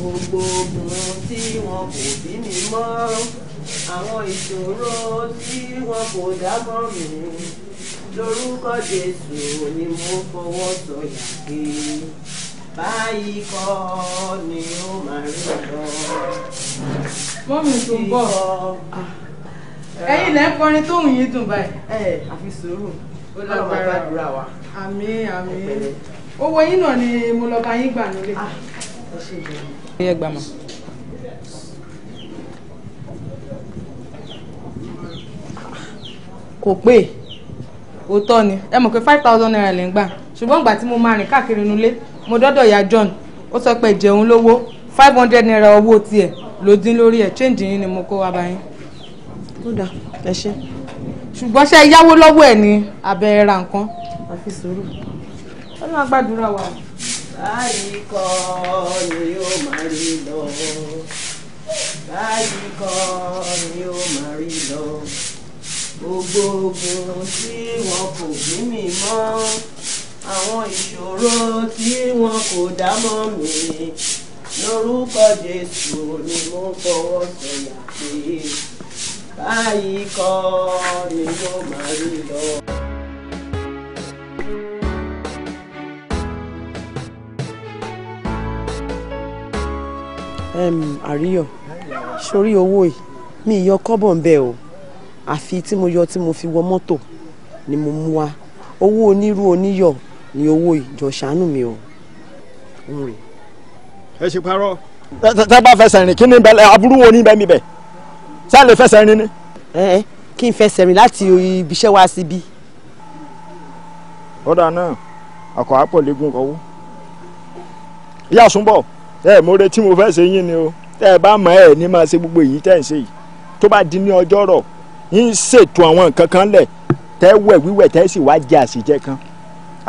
gbogbo obìnrin tí wọn kò bí mi mọ́ àwọn ìṣòro tí wọn kò dábọ̀ mi lórúkọ Jésù ni mo fọwọ́ sọ̀yà pé báyìí kọ́ ni ó máa rí lọ. mọ́mí tó ń bọ̀ ah. ẹ̀yin lẹ́ ń kọrin tóun yìí dùn báyìí. ẹ àfi sùúrù ó lágbára àdúrà wa. àmín àmín owó yín náà ni mo lọ bá yín gbà nílé. Ah, ẹ ṣe ìbẹ̀rù yẹ gbà mọ́. kò pé òótọ́ ni ẹ mọ̀ pé five thousand naira lè ń gbà ṣùgbọ́n ìgbà tí mo máa rìn káàkiri inú mo dọ́dọ̀ ya John ó sọ pé jẹun lówó five hundred naira owó tiẹ̀ ló dín lórí ẹ̀ change yín ni mo kó wá bá yín. ó dà ẹ ṣe. ṣùgbọ́n ṣe yáwó lọ́wọ́ ẹ̀ ni abẹ́ ra nǹkan. àfi sùúrù ọlọ́run á gbàdúrà wa báyìí kọ́ ni ó máa rí lọ ni ó máa rí gbogbo tí wọn kò bí mi mọ́ àwọn ìṣòro tí wọn kò dá mọ́ mi lórúkọ Jésù ni mo fọwọ́ sọ̀yà pé báyìí kọ́ ni ó máa rí lọ. àríyọ̀ sórí owó yìí mi yọ kọ́bọ̀ ń bẹ̀ o àfi tí mo yọ tí mo fi wọ mọ́tò ni mo mú wa owó onírú oníyọ̀ ni owó yìí jọ ṣàánú mi o. ẹ ṣe parọ́. tẹ́ bá fẹsẹ̀ rìn kí ni bẹ́ẹ̀ aburú wo ni bẹ́ẹ̀ mi bẹ́ẹ̀ sẹ́ẹ̀ lè fẹsẹ̀ rìn ni. ẹ ẹ kí n fẹsẹ̀ rìn láti ibiṣẹ́ wá síbí. ó dáa náà ọkọ̀ àpò lè gun ọwọ́. ìyá àsúnbọ̀ ẹ mo retí mo fẹ́ ṣe yín ni o tẹ́ ẹ bá mọ̀ ẹ ní máa ṣe gbogbo èyí tẹ́ ẹ ń ṣe yìí tó bá di ní ọjọ́ rọ̀ ń ṣètò àwọn nǹkan kan lẹ̀ tẹ́ wẹ̀ wíwẹ̀ tẹ́ sì wá jẹ àṣìjẹ kan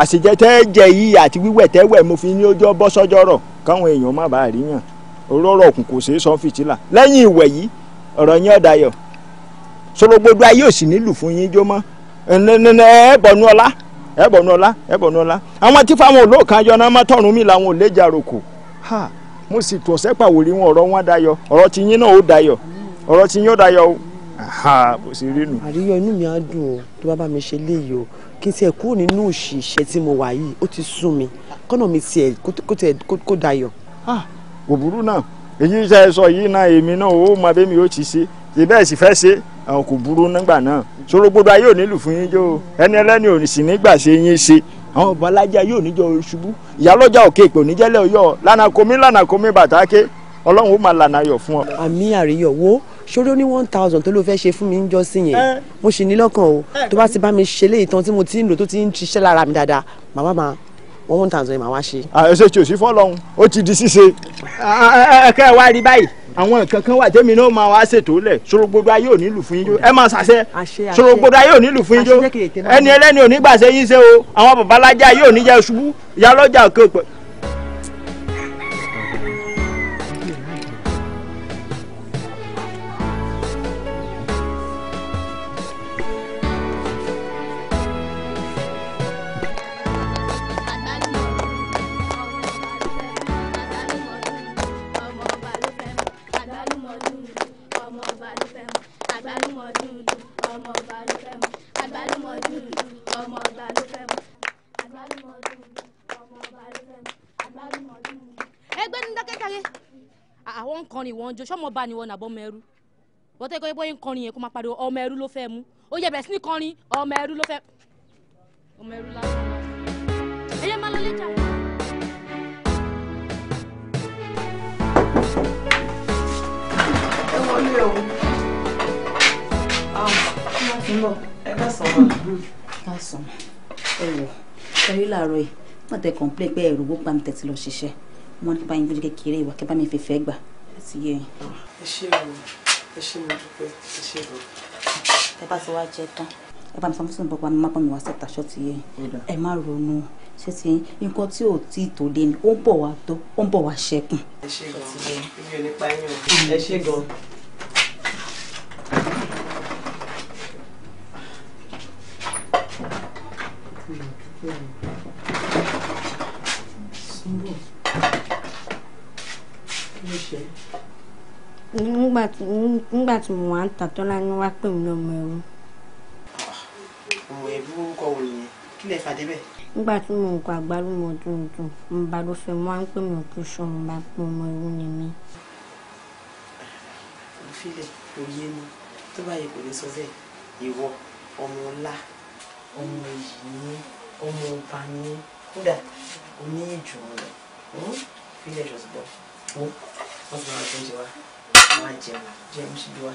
àṣìjẹ tẹ́ jẹ yìí àti wíwẹ̀ tẹ́ wẹ̀ mo fi ní ọjọ́ bọ́ sọ́jọ́ rọ̀ káwọn èèyàn má bàa rí yàn òróró ọ̀kùn kò ṣeé sọ fìtílà lẹ́yìn ìwẹ̀ yìí ọ̀rọ̀ yẹn ọ̀dàyọ̀ sọlọ́gbọ́dọ̀ ayé òsì nílùú fún yín jó mọ́ ẹ̀ẹ́bọ̀nú ọlá àwọn tí fáwọn olóòkan yọ náà má mi làwọn ò lè jà roko ha mo sì tò sẹ́pà wòrí wọn ọ̀rọ̀ wọn dayọ̀ ọ̀rọ̀ ti yín náà ó dayọ̀ ọ̀rọ̀ ti yín ó dayọ̀ o bó ṣe rí nù. àríyọ inú mi á dùn o tó bá bá mi ṣe léyìí o kí n tiẹ̀ kúrò nínú òṣìṣẹ́ tí mo wà yìí ó ti sún mi kọ́nà mi tiẹ̀ kó tiẹ̀ kó náà èyí sẹ́ sọ yìí náà èmi náà ó máa bẹ́ẹ̀ ó ti ṣe ṣe bẹ́ẹ̀ sì fẹ́ ṣe àwọn kò burú nígbà náà sorogbodo ayé ò nílù fún yín jó ẹni ẹlẹ́ni ò sì nígbà ṣe yín ṣe àwọn ọba alájà yóò níjọ ṣubú ìyálọ́jà òkè ìpè oníjẹ́lẹ̀ ọyọ́ lànàkomi lànàkomi bàtàkè ọlọ́run ó máa lànà ayọ̀ fún ọ. àmì àríyọ̀ wo ṣòro ní one thousand tó ló fẹ́ ṣe fún mi ń jọ sí yẹn mo sì ní lọ́kàn o tó bá ti bá mi ṣe léyìí tán tí mo ti ń lò tó ti ń ṣiṣẹ́ lára mi dáadáa màmá ma one thousand yẹn màá wá ṣe. àyọ̀ṣe tí ò sí fọ́lọ́hún ó ti di ṣíṣe. ẹ wá rí báyìí àwọn nǹkan kan wà tẹ́mi náà máa wá ṣètò lẹ̀ sorogbodo ayé ò nílù fún yín jó ẹ máa ṣàṣẹ sorogbodo ayé ò nílù fún yín jó ẹni ẹlẹ́ni ò ní gbàṣẹ yín ṣe o àwọn babalájà ayé ò ṣubú ìyálọ́jà òkè òpè kọrin ìwọ̀n jó ṣọmọ bá ni wọn nàbọ ọmọ ẹrú wọ́n tẹ́ kọ́ bóyá ń kọrin yẹn kó máa pariwo ọmọ ẹrú ló fẹ́ mú ó yẹ bẹ̀rẹ̀ sí ní kọrin ọmọ ẹrú ló fẹ́ ọmọ ẹrú lásán lásán ẹ̀yẹ́ máa lọ lẹ́jà. ẹ wọlé o kí ah, wọ́n ti ń bọ̀ ẹ ká sàn wá. ká sàn ẹ wọ sẹ́rí làárọ̀ yìí wọ́n tẹ kọ̀ǹpilẹ̀ pé ẹ̀rù gbọ́pàmì tẹ̀sí lọ ṣiṣẹ́ wọ́n ní báyìí bójú kékeré ìwà kẹ́ bá gbà ti yé yín. ẹ ṣé o ẹ ṣé mo dúpẹ́ ẹ ṣé o. ẹ bá ti wá jẹ tán ẹ bá mi sọ fún sọ̀rọ̀ bọ́pọ̀ má bọ́n mi wá sẹ́ta ṣọ́ ti yé yín ẹ má ronú ṣé ti yín nǹkan tí ò tí tó dé ni ó ń bọ̀ wá tó ó ń bọ̀ wá ṣẹ́kùn. ẹ ṣé gan ibi ò ní pa yín o ẹ ṣé gan. Thank you ṣiṣẹ́. nígbà tí mo wà ń ta tọ́lá ni wàá pè mí lọ́mọ ẹ̀rú. ọmọ ẹ̀rú orúkọ wo nìyẹn kí lè fà débẹ̀. nígbà tí mo ń kọ àgbálùmọ̀ dundun mo bá ló fẹ́ mo máa ń pè mí òkú ṣọ́ mo bá pè ọmọ ẹ̀rú ni mí. òfìlẹ̀ òye ni tó bá yẹ kò ní sọ bẹ́ẹ̀ ìwọ ọmọ ńlá ọmọ yìí ni ọmọ ọba ni kódà oníyìí jù ú lọ fílẹ̀ ṣọ̀ṣùgbọ́n wọ́n ti máa tún jẹ wá wọ́n á jẹun jẹun síbi wá.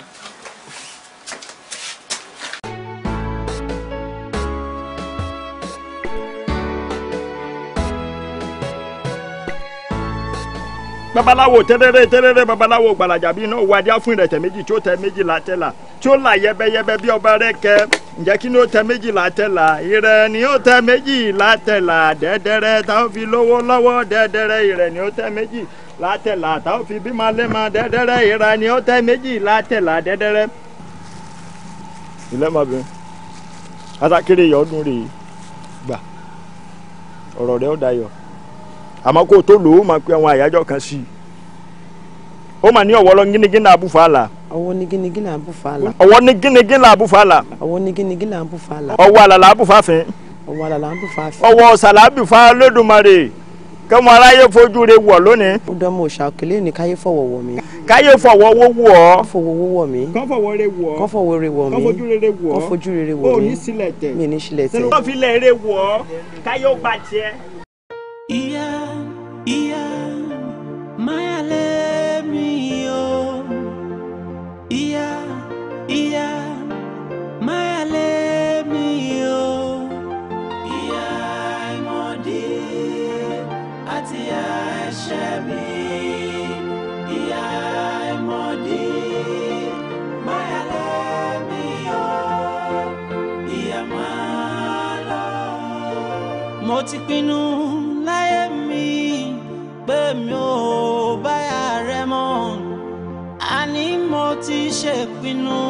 babaláwo tẹ́rẹ́rẹ́ tẹ́rẹ́rẹ́ babaláwo gbalaja bíi náà wádìí á fún ìrẹ̀tẹ̀ méjì tí ó tẹ méjì látẹ́là tí ó là yẹbẹyẹbẹ bí ọba rẹ kẹ ǹjẹ́ kí ni ó tẹ méjì látẹ́là ìrẹ̀ ni ó tẹ méjì látẹ́là dẹ́dẹ́rẹ́ tá ó fi lówó lọ́wọ́ dẹ́dẹ́rẹ́ ìrẹ̀ ni ó tẹ méjì látẹ̀là tá ó fi bímọ lẹ́mọ dẹ́dẹ́rẹ́ ìra ni ó tẹ́ méjì látẹ̀là dẹ́dẹ́rẹ́. ìlẹ́mọ̀bìnrin asákéré yọ ọdún rèé gbà ọ̀rọ̀ rẹ ó dayọ̀ àmọ́ kó o tó lò ó máa pe àwọn àyájọ́ kan sí i ó mà ní ọ̀wọ́ lọ gínígínà abúfàlà. ọwọ́ ní gínígínà abúfàlà. ọwọ́ ní gínígínà abúfàlà. ọwọ́ ní gínígínà abúfàlà. ọwọ́ àlàlà abúfàfin. ọwọ́ àlàlà abúfàfin. ọwọ́ sàlábìfà lódùmarè kọ́mọ aráyé fojú re wọ̀ lónìí. ó dán mọ òòṣà òkèlè ní káyé fọwọ́ wọ̀ mí. káyé fọwọ́ wo wù ọ́. fọwọ́ wo wọ̀ mí. kọ́fọ̀wọ́ re wọ̀ ọ́. kọ́fọ̀wọ́ re wọ̀ mí. kọ́fojú rere wọ̀ ọ́. kọ́fojú rere wọ̀ mí. o ní sílẹ̀ tẹ̀. mi ní sílẹ̀ tẹ̀. sẹ́nu kọ́fílẹ̀ re wọ̀ ọ́ káyé ó bá tiẹ̀. ti pinnu láyé mi pé mi ò báyà rẹ mọ́ àní mo ti ṣèpinnu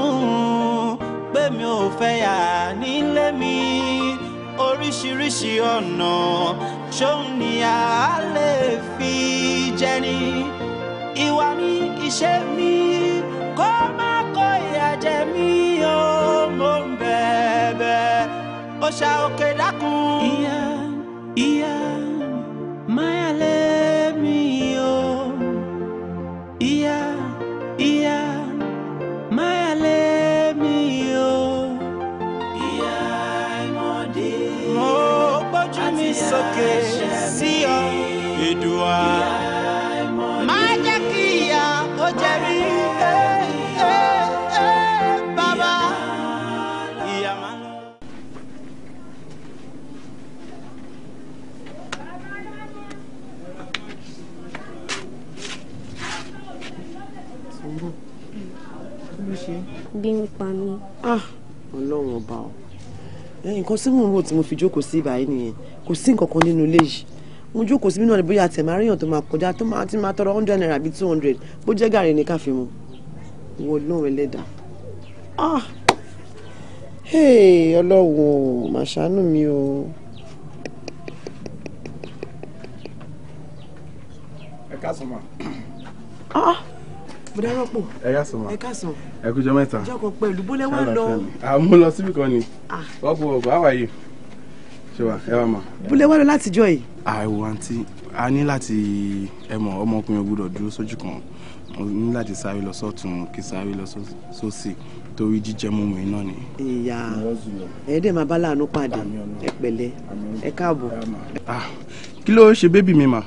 pé mi ò fẹ́ yà nílé mi oríṣiríṣi ọ̀nà ṣóun ni a lè fi jẹni ìwà mi ìṣe mi kó má kó ìyà jẹ mí ó mò ń bẹ̀bẹ̀ ó ṣá dá. ebi ń pa mí. Ah, ọlọ́run ọba o nǹkan tí mò ń rò tí mo fi jókòó sí ìbàyí nìyẹn kò sí nǹkan kan nínú ilé yìí mo jókòó síbí náà bóyá àtẹ̀mọ́ àríyàn tó máa kọjá tó máa ti máa tọrọ hundred naira bíi two hundred bó jẹ́ gàrí ni ká fi mu ìwọ ọlọ́run ẹlẹ́dà ah! ọlọ́run ò mà ṣàánú mi o. ẹ ká sọ ma. Ah! Bùdárọ́pọ̀. Ẹ yá sọ̀mọ́. Ẹ ká sàn. Ẹ kújọ mẹ́ta. Jọkọ̀ pẹ̀lú bólẹ́ wà lọ. Àmú lọ síbì kan ni. Wọ́pù ọ̀pọ̀ how are Ṣé wà ẹ wà mà. Bólẹ́ wà lọ láti jọ yìí. Àìwò àǹtí a ní láti ẹ mọ̀ ọmọkùnrin ògbúdọ̀ dúró sójú kan mo ní láti sáré lọ sọ́tún kí sáré lọ sósì torí jíjẹ mímu iná ni. ìyá ẹ̀ẹ́dẹ̀ máa bá láàánú pàdé ẹ pẹ̀lẹ́ káàbọ̀. kí ló ṣe bébì mi mà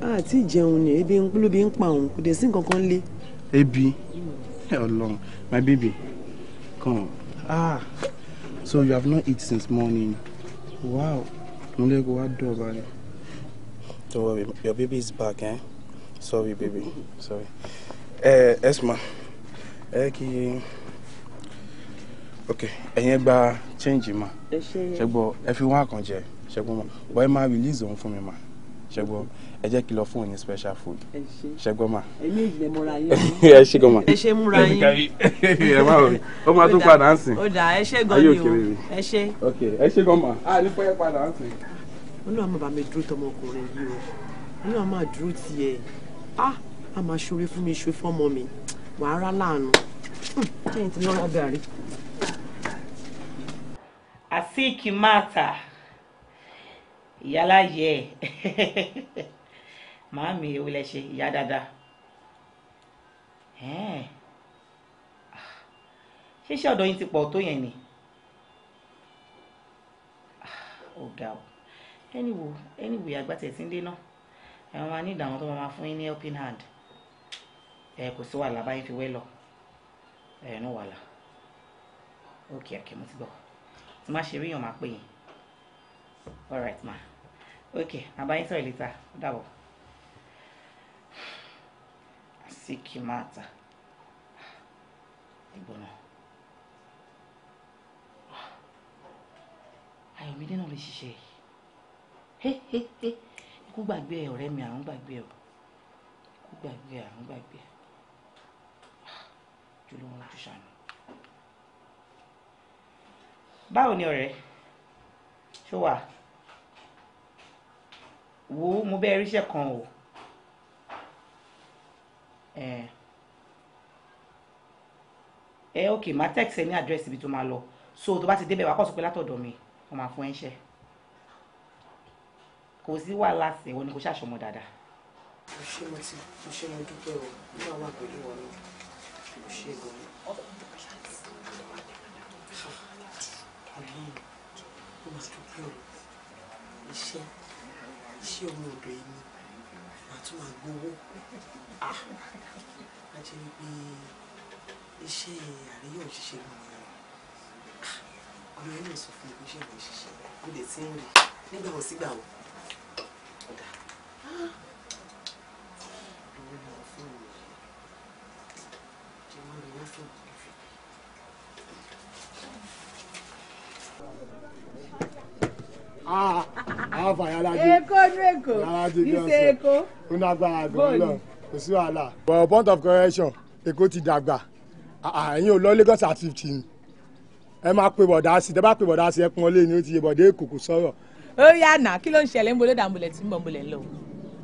àti ah, ìjẹun ni ebi ló bí ń òun kò dé sí nǹkan kan ebi Ọlọ́run my baby come ah so you have not eat since morning wow nle ko wa dọ̀ báyìí. don't worry your baby is back eh? sorry baby sorry uh, esma ẹ kì í ok ẹ̀yin gba change ma ṣẹ́gbọ́ ẹ fi wá àkànjẹ ṣẹ́gbọ́ ma wọ́n ẹ máa release òun fún mi ma ṣẹ́gbọ́. Mm -hmm ẹ jẹ́ kí fún òní special food ṣẹgọ́mà ẹ ṣe gọ́mà ẹ ṣe múra yín ẹ má wọlé ó máa tún padà ń sìn ó dà ẹ ṣe gan ni o ẹ ṣe ẹ ṣe gọ́mà á ní pẹ́ padà ń sìn. olúwa máa bá mi dúró tọmọkùnrin yìí o olúwa máa dúró tiẹ̀ á a máa ṣoore fún mi ṣoore fọ́mọ mi wàá rà láàánú kẹ́yìn tí lọ́ra gàrí. àsìkí máa ta ìyálà yẹ ẹ. màámi ewu lẹ ṣe ìyá dáadáa ṣíṣe ọ̀dọ̀ yín ti pọ̀ tó yẹn ni ó ga ọ ẹniwò ẹniwò àgbàtẹ̀ tí ń dé náà ẹ̀wọ̀n máa ní ìdààmú tó máa fún yín ní helping hand ẹ̀ kò sí wàhálà báyìí fi wẹ́ lọ ẹ̀ ní wàhálà ok ok mo ti gbọ́ tí má ṣe rí yàn máa pè yín alright ma ok àbáyín sọ̀rọ̀ later ó dàbọ̀. Sikimata ẹ̀gbọ́n náà Ayọ̀mídé náà lè ṣiṣẹ́ yìí ikú gbàgbé ẹ e, ọ̀rẹ́ mi àrùn gbàgbé ẹ e o ikú gbàgbé ẹ e, àrùn gbàgbé ẹ jùlọ wọn ojú ṣàánú. báwo ni ọ̀rẹ́ ṣó wà wò ó mo bẹ́ẹ̀ ríṣẹ́ kan o ẹ ẹ ok máa text ẹ ní address ibi tó máa lọ so tó bá ti débẹ̀ wá kọ́ sọ pé látọ̀dọ̀ mi wọ́n máa fún ẹ ń ṣe kò sí wàhálà sí ìwọ ni kò ṣàṣọmọ dáadáa. mo ṣe mo ti mo ṣe mo dúpẹ́ o nígbà wà pẹ̀lú wọn ni mo ṣe gan-an. mo máa dúpẹ́ o iṣẹ́ iṣẹ́ ọmọ ọ̀dọ̀ yìí màá tún máa gbowó a ah! jẹ́ wípé iṣẹ́ àríyá òṣìṣẹ́ mi ni ọmọ ẹni sọ fún mi pé iṣẹ́ mi òṣìṣẹ́ mo lè ti ń rí nígbà wo sígbà wo ọ̀dà lówó ah! ni mo fún mi jẹ́ wọ́n mi wá fún mi. Ah, ah, Èkó nu Èkó, ìṣe Èkó ó lágbára gan-an lọ kò sí wàhálà. but point of correction èkó ti dàgbà àyìn ò lọ Lagos at fifteen ẹ máa pe bọ̀dá sí tẹ bá pe bọ̀dá sí ẹ pọn lé e ní ó ti yẹ bọ̀dé èkó kò sọ̀rọ̀. ó yà nà kí ló ń ṣẹlẹ̀ ń bolé dàmúlẹ̀ tí ń bọ̀ ń bolẹ̀ lọ.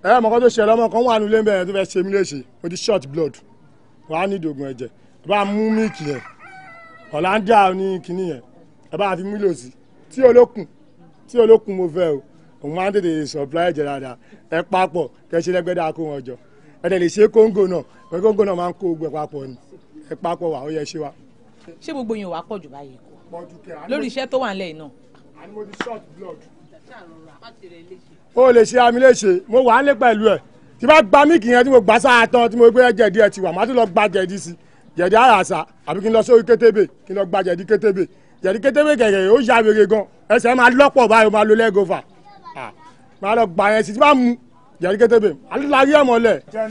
ẹ mọ̀ kó tó ṣẹlẹ̀ ọmọ kan wà nílé bẹ̀rẹ̀ tó fẹ́ ṣe mí léṣe ó ti short blood wàá ní ìdògùn ẹ̀jẹ̀ ẹ bá mú míìkì yẹn ọ̀làǹdà ní kinní yẹn ẹ bá fi mílò sí tí olókùn tí olókùn mo fẹ́ o òun máa ń tètè supply ẹ̀jẹ̀ dáadáa ẹ papọ̀ kẹ́sí lẹ́gbẹ́dá kó wọn jọ ẹ tẹ̀lé ṣe kóńgò náà pé kóńgò náà máa ń kó ogun ẹ̀ ni ẹ papọ̀ wà ó yẹ ṣe wa. ṣé gbogbo yẹn wàá pọ̀ jù báyìí lórí iṣẹ́ tó wà ń lẹ́yìn náà. àní mo ti short blood ó lè ṣe àmì mo wà á lé pẹ̀lú ẹ̀ tí bá gba míìkì yẹn tí mo gbà sáà tán tí mo gbé jẹ̀dí ẹ̀ ti wà má tún lọ gba jẹ̀dí sí jẹ̀dí àràsà àbí kí n lọ sórí kétébè kí n lọ gba jẹ̀dí kétébè jẹ̀dí kétébè gẹ̀gẹ̀ ó ya wèrè gan ẹsẹ̀ máa lọ́pọ̀ báyìí ó máa lo lẹ́gọ̀fà Ah. máa lọ gbà yẹn sí tí bá mu jẹ̀rí kété bẹ́ẹ̀ alẹ́ la rí ẹ̀ mọ́lẹ̀. máa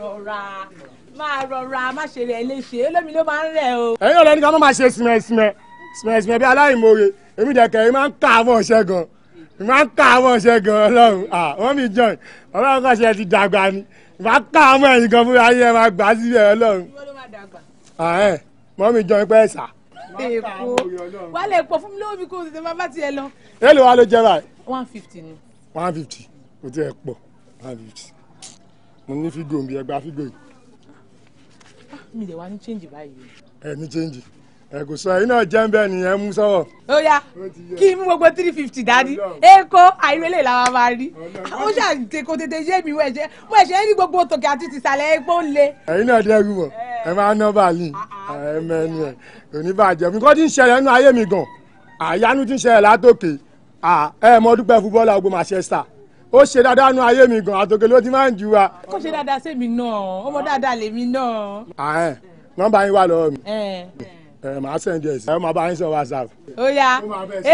rọra máa rọra má ṣe rẹ̀ léṣe olómi ló máa ń rẹ̀ o. ẹ̀yin ọ̀rẹ́ nìkan máa ṣe sìmẹ̀sìmẹ̀ sìmẹ̀sìmẹ̀ bí aláìmoore èmi dẹ̀kẹ̀ yìí máa ń kà á bọ̀ ṣẹ́ gan máa ń kà á bọ̀ ṣẹ́ gan ọlọ́run ah, wọ́n mi jọ̀ ọlọ́run kan ti dàgbà ni máa kà á mọ̀ ẹ̀yìn gan fúnra yín ẹ máa gbà á síbẹ̀ ọlọ́run. mọ́ ah, mi jọ pé ẹ̀sà. wálé èpo fún mi lówó mi kó o one fifty ni. one fifty kò tí ẹ pọ̀ one fifty mo ní fígò mi ẹ gba fígò yìí. mi lè wá ní change báyìí. ẹ ní change ẹ kò sọ iná jẹ́ńbẹ́ nìyẹn mú sọ́wọ́. ó yá kí mú gbogbo three fifty dání èkó àìrẹ́lẹ̀ làwọn máa rí àwọn ṣàtẹ̀kọ tètè yé mi wọ́n ẹ̀ṣẹ́ wọ́n ẹ̀ṣẹ́ ní gbogbo tòkè àti tìsàlẹ̀ epo ń le. ẹ̀yin náà dé ẹrú mọ̀ ẹ máa ná bàálì ah, ah, ah. ẹ mẹ́ni ẹ̀ kò ní bàjẹ́ mi kọ́ ti ń ṣẹlẹ̀ nínú ayé mi gan àyánu ti ń ṣẹlẹ̀ látòkè ẹ mọ dúpẹ́ fúbọ́ọ̀lù àgbo Manchester ó ṣe dáadáa nu ayé mi gan àtòkè ló ti máa ń ju wa. kó ṣe dáadáa sẹ́mi náà ọmọ dáadáa lèmi náà. ààyè nọ́mbà yín wà lọ́wọ́ mi ẹ máa sẹ́ndì ẹ̀sìn ẹ máa bá yín sọ whatsapp. ó yá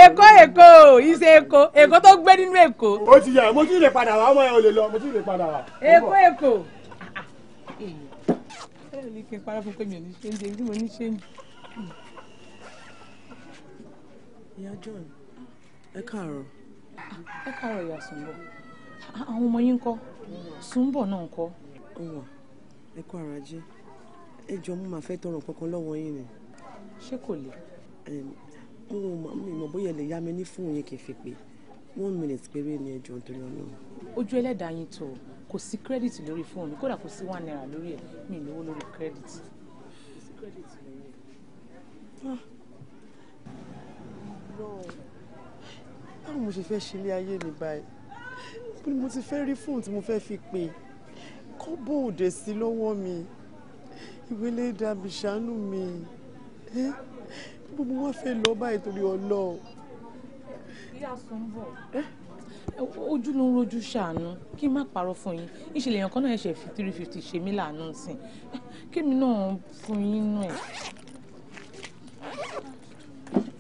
èkó èkó ìṣe èkó èkó tó gbé nínú èkó. ó ti yẹ mo tún lè padà wá ọmọ yẹn ò lè lọ mo tún lè padà wá. èkó èkó. bẹ́ẹ̀ ni ìyá john ẹ káàárọ̀. ẹ káàárọ̀ ìyá Sùnbọ̀ àwọn ọmọ yín ń kọ́ Sùnbọ̀ náà ń kọ́. ọwọ ẹ kú ara jẹ ẹ jọ mo máa fẹ́ tọrọ kankan lọ́wọ́ yín ni. ṣé kò le. mo mọ ìmọ̀ bóyá lè yá mi ní fóònù yẹn kì í fi pé one minute péré ni ẹ jọ nítorí Ọlọ́run. ojú ẹlẹ́dàá yín tó kò sí kírẹ́dìtì lórí fóònù mi kódà kò sí one naira lórí ẹ̀ mi lówó lórí kírẹ́dìtì. kò sí báwo mo ṣe fẹ́ ṣe ilé ayé mi báyìí bí mo ti fẹ́ rí fóònù tí mo fẹ́ fi pè kọ́bọ̀ òde sí lọ́wọ́ mi ìwé lè dàbí ṣàánú mi gbogbo wọn fẹ́ lọ báyìí torí ọlọ́ ojú ló ń rojú ṣàánú kí n má parọ́ fún yín ìṣẹ̀lẹ̀ èèyàn kan náà ẹ̀ṣẹ̀ fi three fifty ṣe mí láàánú sìn kémi náà fún yín nù ẹ̀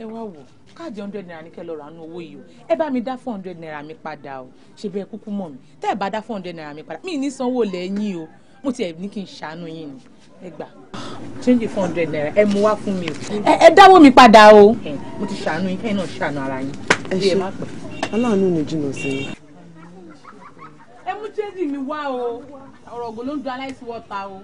ẹ wá wò ó káàdì hundred naira ní kẹ́ lọ́ọ́ rà nú owó yìí o ẹ bá mi dá four hundred naira mi padà o ṣe bẹ́ẹ̀ kúkú mọ̀ mi tẹ́ ẹ bá dá four hundred naira mi padà mi ní sanwó lẹ́yìn o mo tiẹ̀ ní kí n ṣàánú yín ni ẹ gbà change four hundred naira ẹ mú wá fún mi o ẹ dáwó mi padà o mo ti ṣàánú yín kẹ́yìn náà ṣàánú ara yín ẹ ṣe aláàánú ni jìnnà sí i. ẹ mú change mi wá o ọ̀rọ̀ ògùn ló ń du aláìsí wọ́ta o.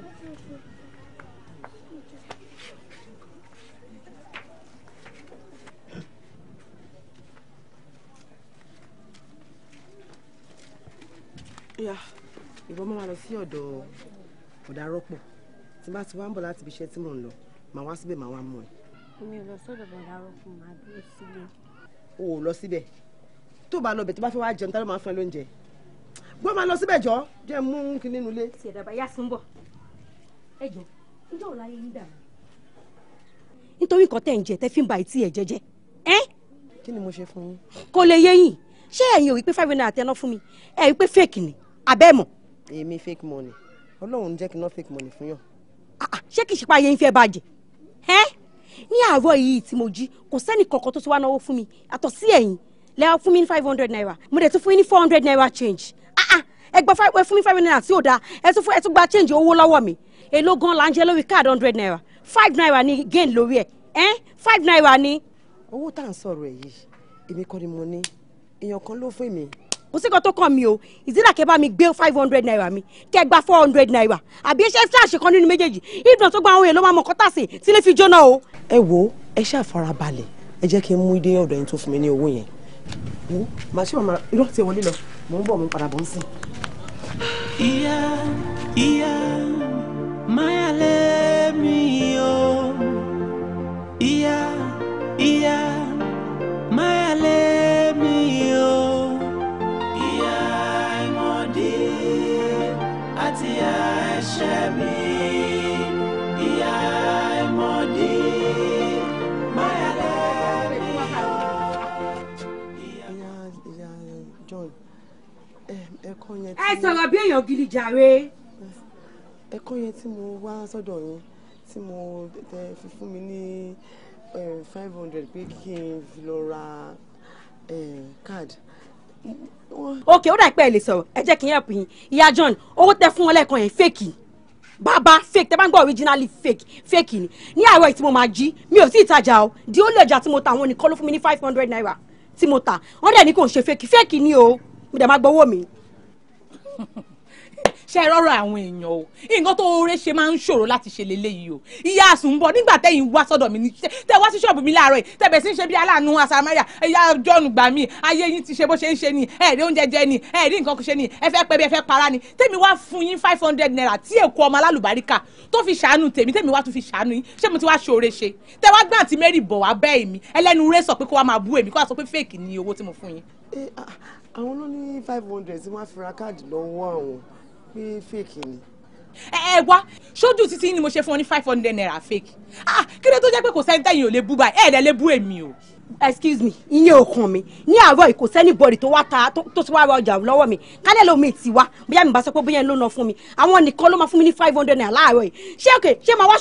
ìwọ máa lọ sí ọ̀dọ̀ ọ̀dà rọ́pò tí bá ti wá ń bọ̀ láti ibi tí mò ń lọ màá wá síbẹ̀ màá wá mú ẹ. mi ò lọ sọ́dọ̀ bọ̀dà rọ́pò màá dúró sílé. o ò lọ síbẹ̀ tó bá lọ bẹ̀ tó bá fẹ́ wá jẹun tá ló máa fún ẹ lóúnjẹ gbọ́ máa lọ síbẹ̀ jọ jẹ́ mú kí nínú ilé. ti ẹ̀dàbà yá sí ń bọ̀ ẹ jọ ǹjẹ́ ò láyé yín dàrú. nítorí nǹkan tẹ̀ ń jẹ tẹ́ fi ń ba ìtì ẹ̀ jẹ́jẹ́ kí ni mo ṣe fún yín. kò lè yé yín ṣé ẹ̀yin ò rí pé five hundred àtẹná fún mi ẹ̀ rí pé fake ni abẹ́mọ̀. èmi fake money ọlọ́run jẹ́ kí n ná fake money fún yàn. Ah, ah, ṣé kì í ṣípa yẹn ń fẹ́ bàjẹ́ ẹ́ ní àárọ̀ yìí tí mo jí kò sẹ́ni kankan tó ti wá náwó fún mi àtọ̀ sí ẹ̀yìn lẹ́wọ̀ fún mi ní five hundred naira mo dẹ̀ tún fún yín ní four hundred naira change ah, ẹ gba ẹ fún mi five hundred naira tí ò dáa ẹ tún fún ẹ tún gba change owó lọ́wọ́ mi èló gan la ń jẹ lórí card hundred naira five naira ni gain lórí ẹ ẹ five naira ni. owó tá à ń sọ̀rọ̀ ẹ̀ yìí èmi kọ́ ni mo ní èèyàn kan ló fún mi kò sí kan tó kàn mí o ìdílà kẹ bá mi gbé five hundred naira mi kẹ gba four hundred naira àbí ẹṣẹ fíláṣì kan nínú méjèèjì ìdùnnà tó gba àwọn èèyàn ló máa mọ kọ́tà sí sílé fi jóná o. ẹ wo ẹ ṣáà farabalẹ̀ ẹ jẹ́ kí n mú idé ọ̀dọ̀ yẹn tó fún mi ní owó yẹn. wo màá ṣe màmá irọ́ ti wọlé lọ mò ń bọ̀ mò ń padà bọ̀ ń sìn. ìyá ìyá máyà lé mi o ìyá ìyá máyà lé mi. ẹ̀ṣẹ̀ mi ìyá àìmọ̀dí máyà lẹ́mí o. ìyá ìyá John ẹ̀kọ́ yẹn tí. ẹ sọ̀rọ̀ bí èèyàn gidi jàre. ẹ̀kọ́ yẹn tí mo wá sọ́dọ̀ yín tí mo fi fún mi ní five hundred pé kí n lọ ra káàdì ok ó dà pé ẹ lè sọ̀rọ̀ ẹ jẹ́ kí n help yín ìyá John owó tẹ fún wọn lẹ́ẹ̀kan yẹn fake bàbá fake tẹ bá ń gbọ́ originally fake fake ni ní àárọ̀ tí mo máa jí mi ò sí ìtajà o di ó lè ọjà tí mo ta àwọn nìkan ló fún mi ní five hundred naira tí mo ta wọ́n dẹ̀ ní kò ń ṣe fake fake ni o mo dẹ̀ máa gbowó mi. ṣe rọrọ àwọn èèyàn o nǹkan tó oore ṣe máa ń ṣòro láti ṣe lélẹ́yìí o ìyá àsùnbọ̀ nígbà tẹ́yìn wá sọ́dọ̀ mi ní tẹ́ wá sí ṣọ́ọ̀bù mi láàárọ̀ yìí tẹ́bẹ̀ sí ń ṣe bí aláàánú asamaria ìyá john gbà mí ayé yín ti ṣe bó ṣe ń ṣe ni ẹ rí oúnjẹ jẹ ni ẹ rí nǹkan ṣe ni ẹ fẹ́ pẹ́ bí ẹ fẹ́ para ni tẹ́mi wá fún yín five hundred naira tí èkó ọmọ alálùbáríkà tó fi ṣàánú tèmi tẹ́mi wá tún fi ṣàánú yín ṣé mo ti wá ṣoore ṣe tẹ́ wá gbà àti mary bọ̀ wá bẹ́ẹ̀ mi ẹlẹ́nu rẹ̀ sọ pé kó wá máa bú èmi kó wá sọ pé fake ni owó tí mo fún yín. Eh, ah, ah, àwọn ló ní five hundred tí wọ́n á fi ra káàdì lọ́wọ́ àwọn pé fake ni. ẹ ẹ wá ṣojú títí ni mo ṣe fún ọ ní five hundred naira fake ah kí ló tó jẹ́ pé kò sẹ́ni tẹ̀yìn ò lè bú báyìí ẹ̀ lè bú èmi o. excuse me ìyẹn ò kàn mí ní àárọ̀ yìí kò sẹ́ni bọ̀dì tó wá ta tó ti wá ra ọjà lọ́wọ́ mi kálẹ̀ lómi ti wá bóyá mi bá sọ pé bóyá ló ná fún mi àwọn nìkan ló máa fún mi ní five hundred naira láàárọ̀ yìí ṣé ok ṣé máa wá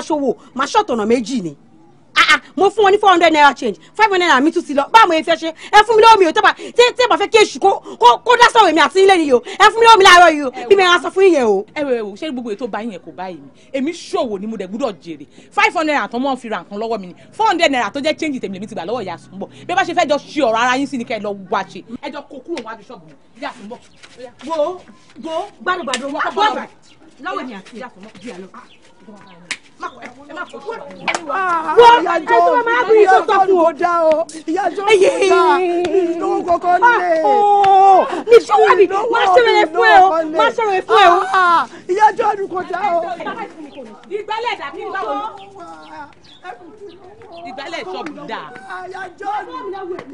ṣòwò máa ṣọ̀tọ̀nà méjì ni. Ah, ah, mo fún wọn ní four hundred naira change five hundred naira mi tún ti lọ báwo ni fẹ́ ṣe ẹ fún mi lọ́wọ́ mi o tẹ́pà tẹ́pà fẹ́ kí èṣù kó kó dá sọ̀rọ̀ èmi àti ilé nìyí o ẹ fún mi lọ́wọ́ mi láàárọ̀ yìí o bí mi ra sọ fún yìnyẹn o. ẹ wẹ o ṣé gbogbo ètò báyìí yẹn kò báyìí mi èmi ṣòwò ni mo dẹ̀ gbúdọ̀ jèrè five hundred naira tó mọ̀ fi ra nǹkan lọ́wọ́ mi ni four hundred naira tó jẹ́ change tèmi lèmi ti gbà lọ́wọ́ ìyá sùn bọ̀ bí bá ṣe fẹ́ ara yín sí ni kẹ́ ẹ lọ wá ṣe ẹ jọ kó kúrò wájú ṣọ́ọ̀bù ìyá sùn bọ̀. wo go gbàdúgbàdú wọn kọ́ bọ́ọ̀lù lọ́wọ́ ni àti ìyá sùn wọ́n ẹni tó bá máa bí kù ó dá o ìyá tó kù dá ìdánwò kọ̀ọ̀kan ah, lè. Oh. ní sọ́wọ́dì má sọ̀rọ̀ fún ẹ o má sọ̀rọ̀ fún ẹ o. Ah, ìyá tó kù dá o. ìgbálẹ̀ dà kí n ìgbálẹ̀ ṣọ́ọ̀bù dà. ìyá jọ́ọ̀nù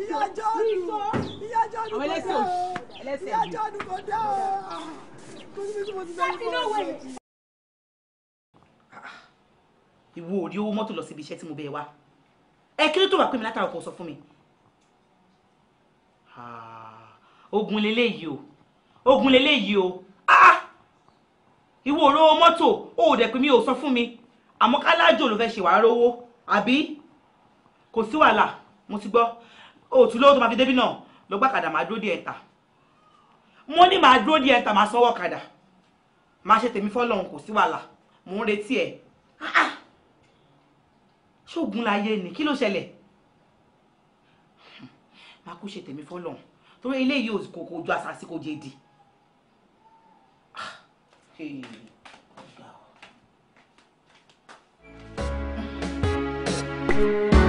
ìyá jọ́ọ̀nù ìyá jọ́ọ̀nù kò dá o. ìyá jọ́ọ̀nù kò dá o. Ah, ìwọ ò rí owó mọ́tò lọ síbi iṣẹ́ tí mo bẹ́ẹ̀ wá ẹ kí ló tó wà pé mi látara kò sọ fún mi. Ah, ogun leléyìí o ogun leléyìí o ah! ìwọ ò rówó mọ́tò ó ò dẹ̀ pé mi ò sọ fún mi àmọ́ kálájò ló fẹ́ ṣe wàá rówó àbí kò sí wàhálà mo ti gbọ́ òtún lówó tó máa fi débí náà lọ gbàkàdà máa dúró díẹ̀ ta mo ní màá dúró díẹ̀ ta màá sanwó ọ̀kadà màá ṣe tèmi fọ́lọ́hún kò sí wàhálà mò ń retí ẹ̀ ah ah ṣóògùn láyé ni kí ló ṣẹlẹ̀ máa kú ṣe tèmi fọlọ́n torí eléyìí kò kò ju àṣàṣì kò jẹ di. thank you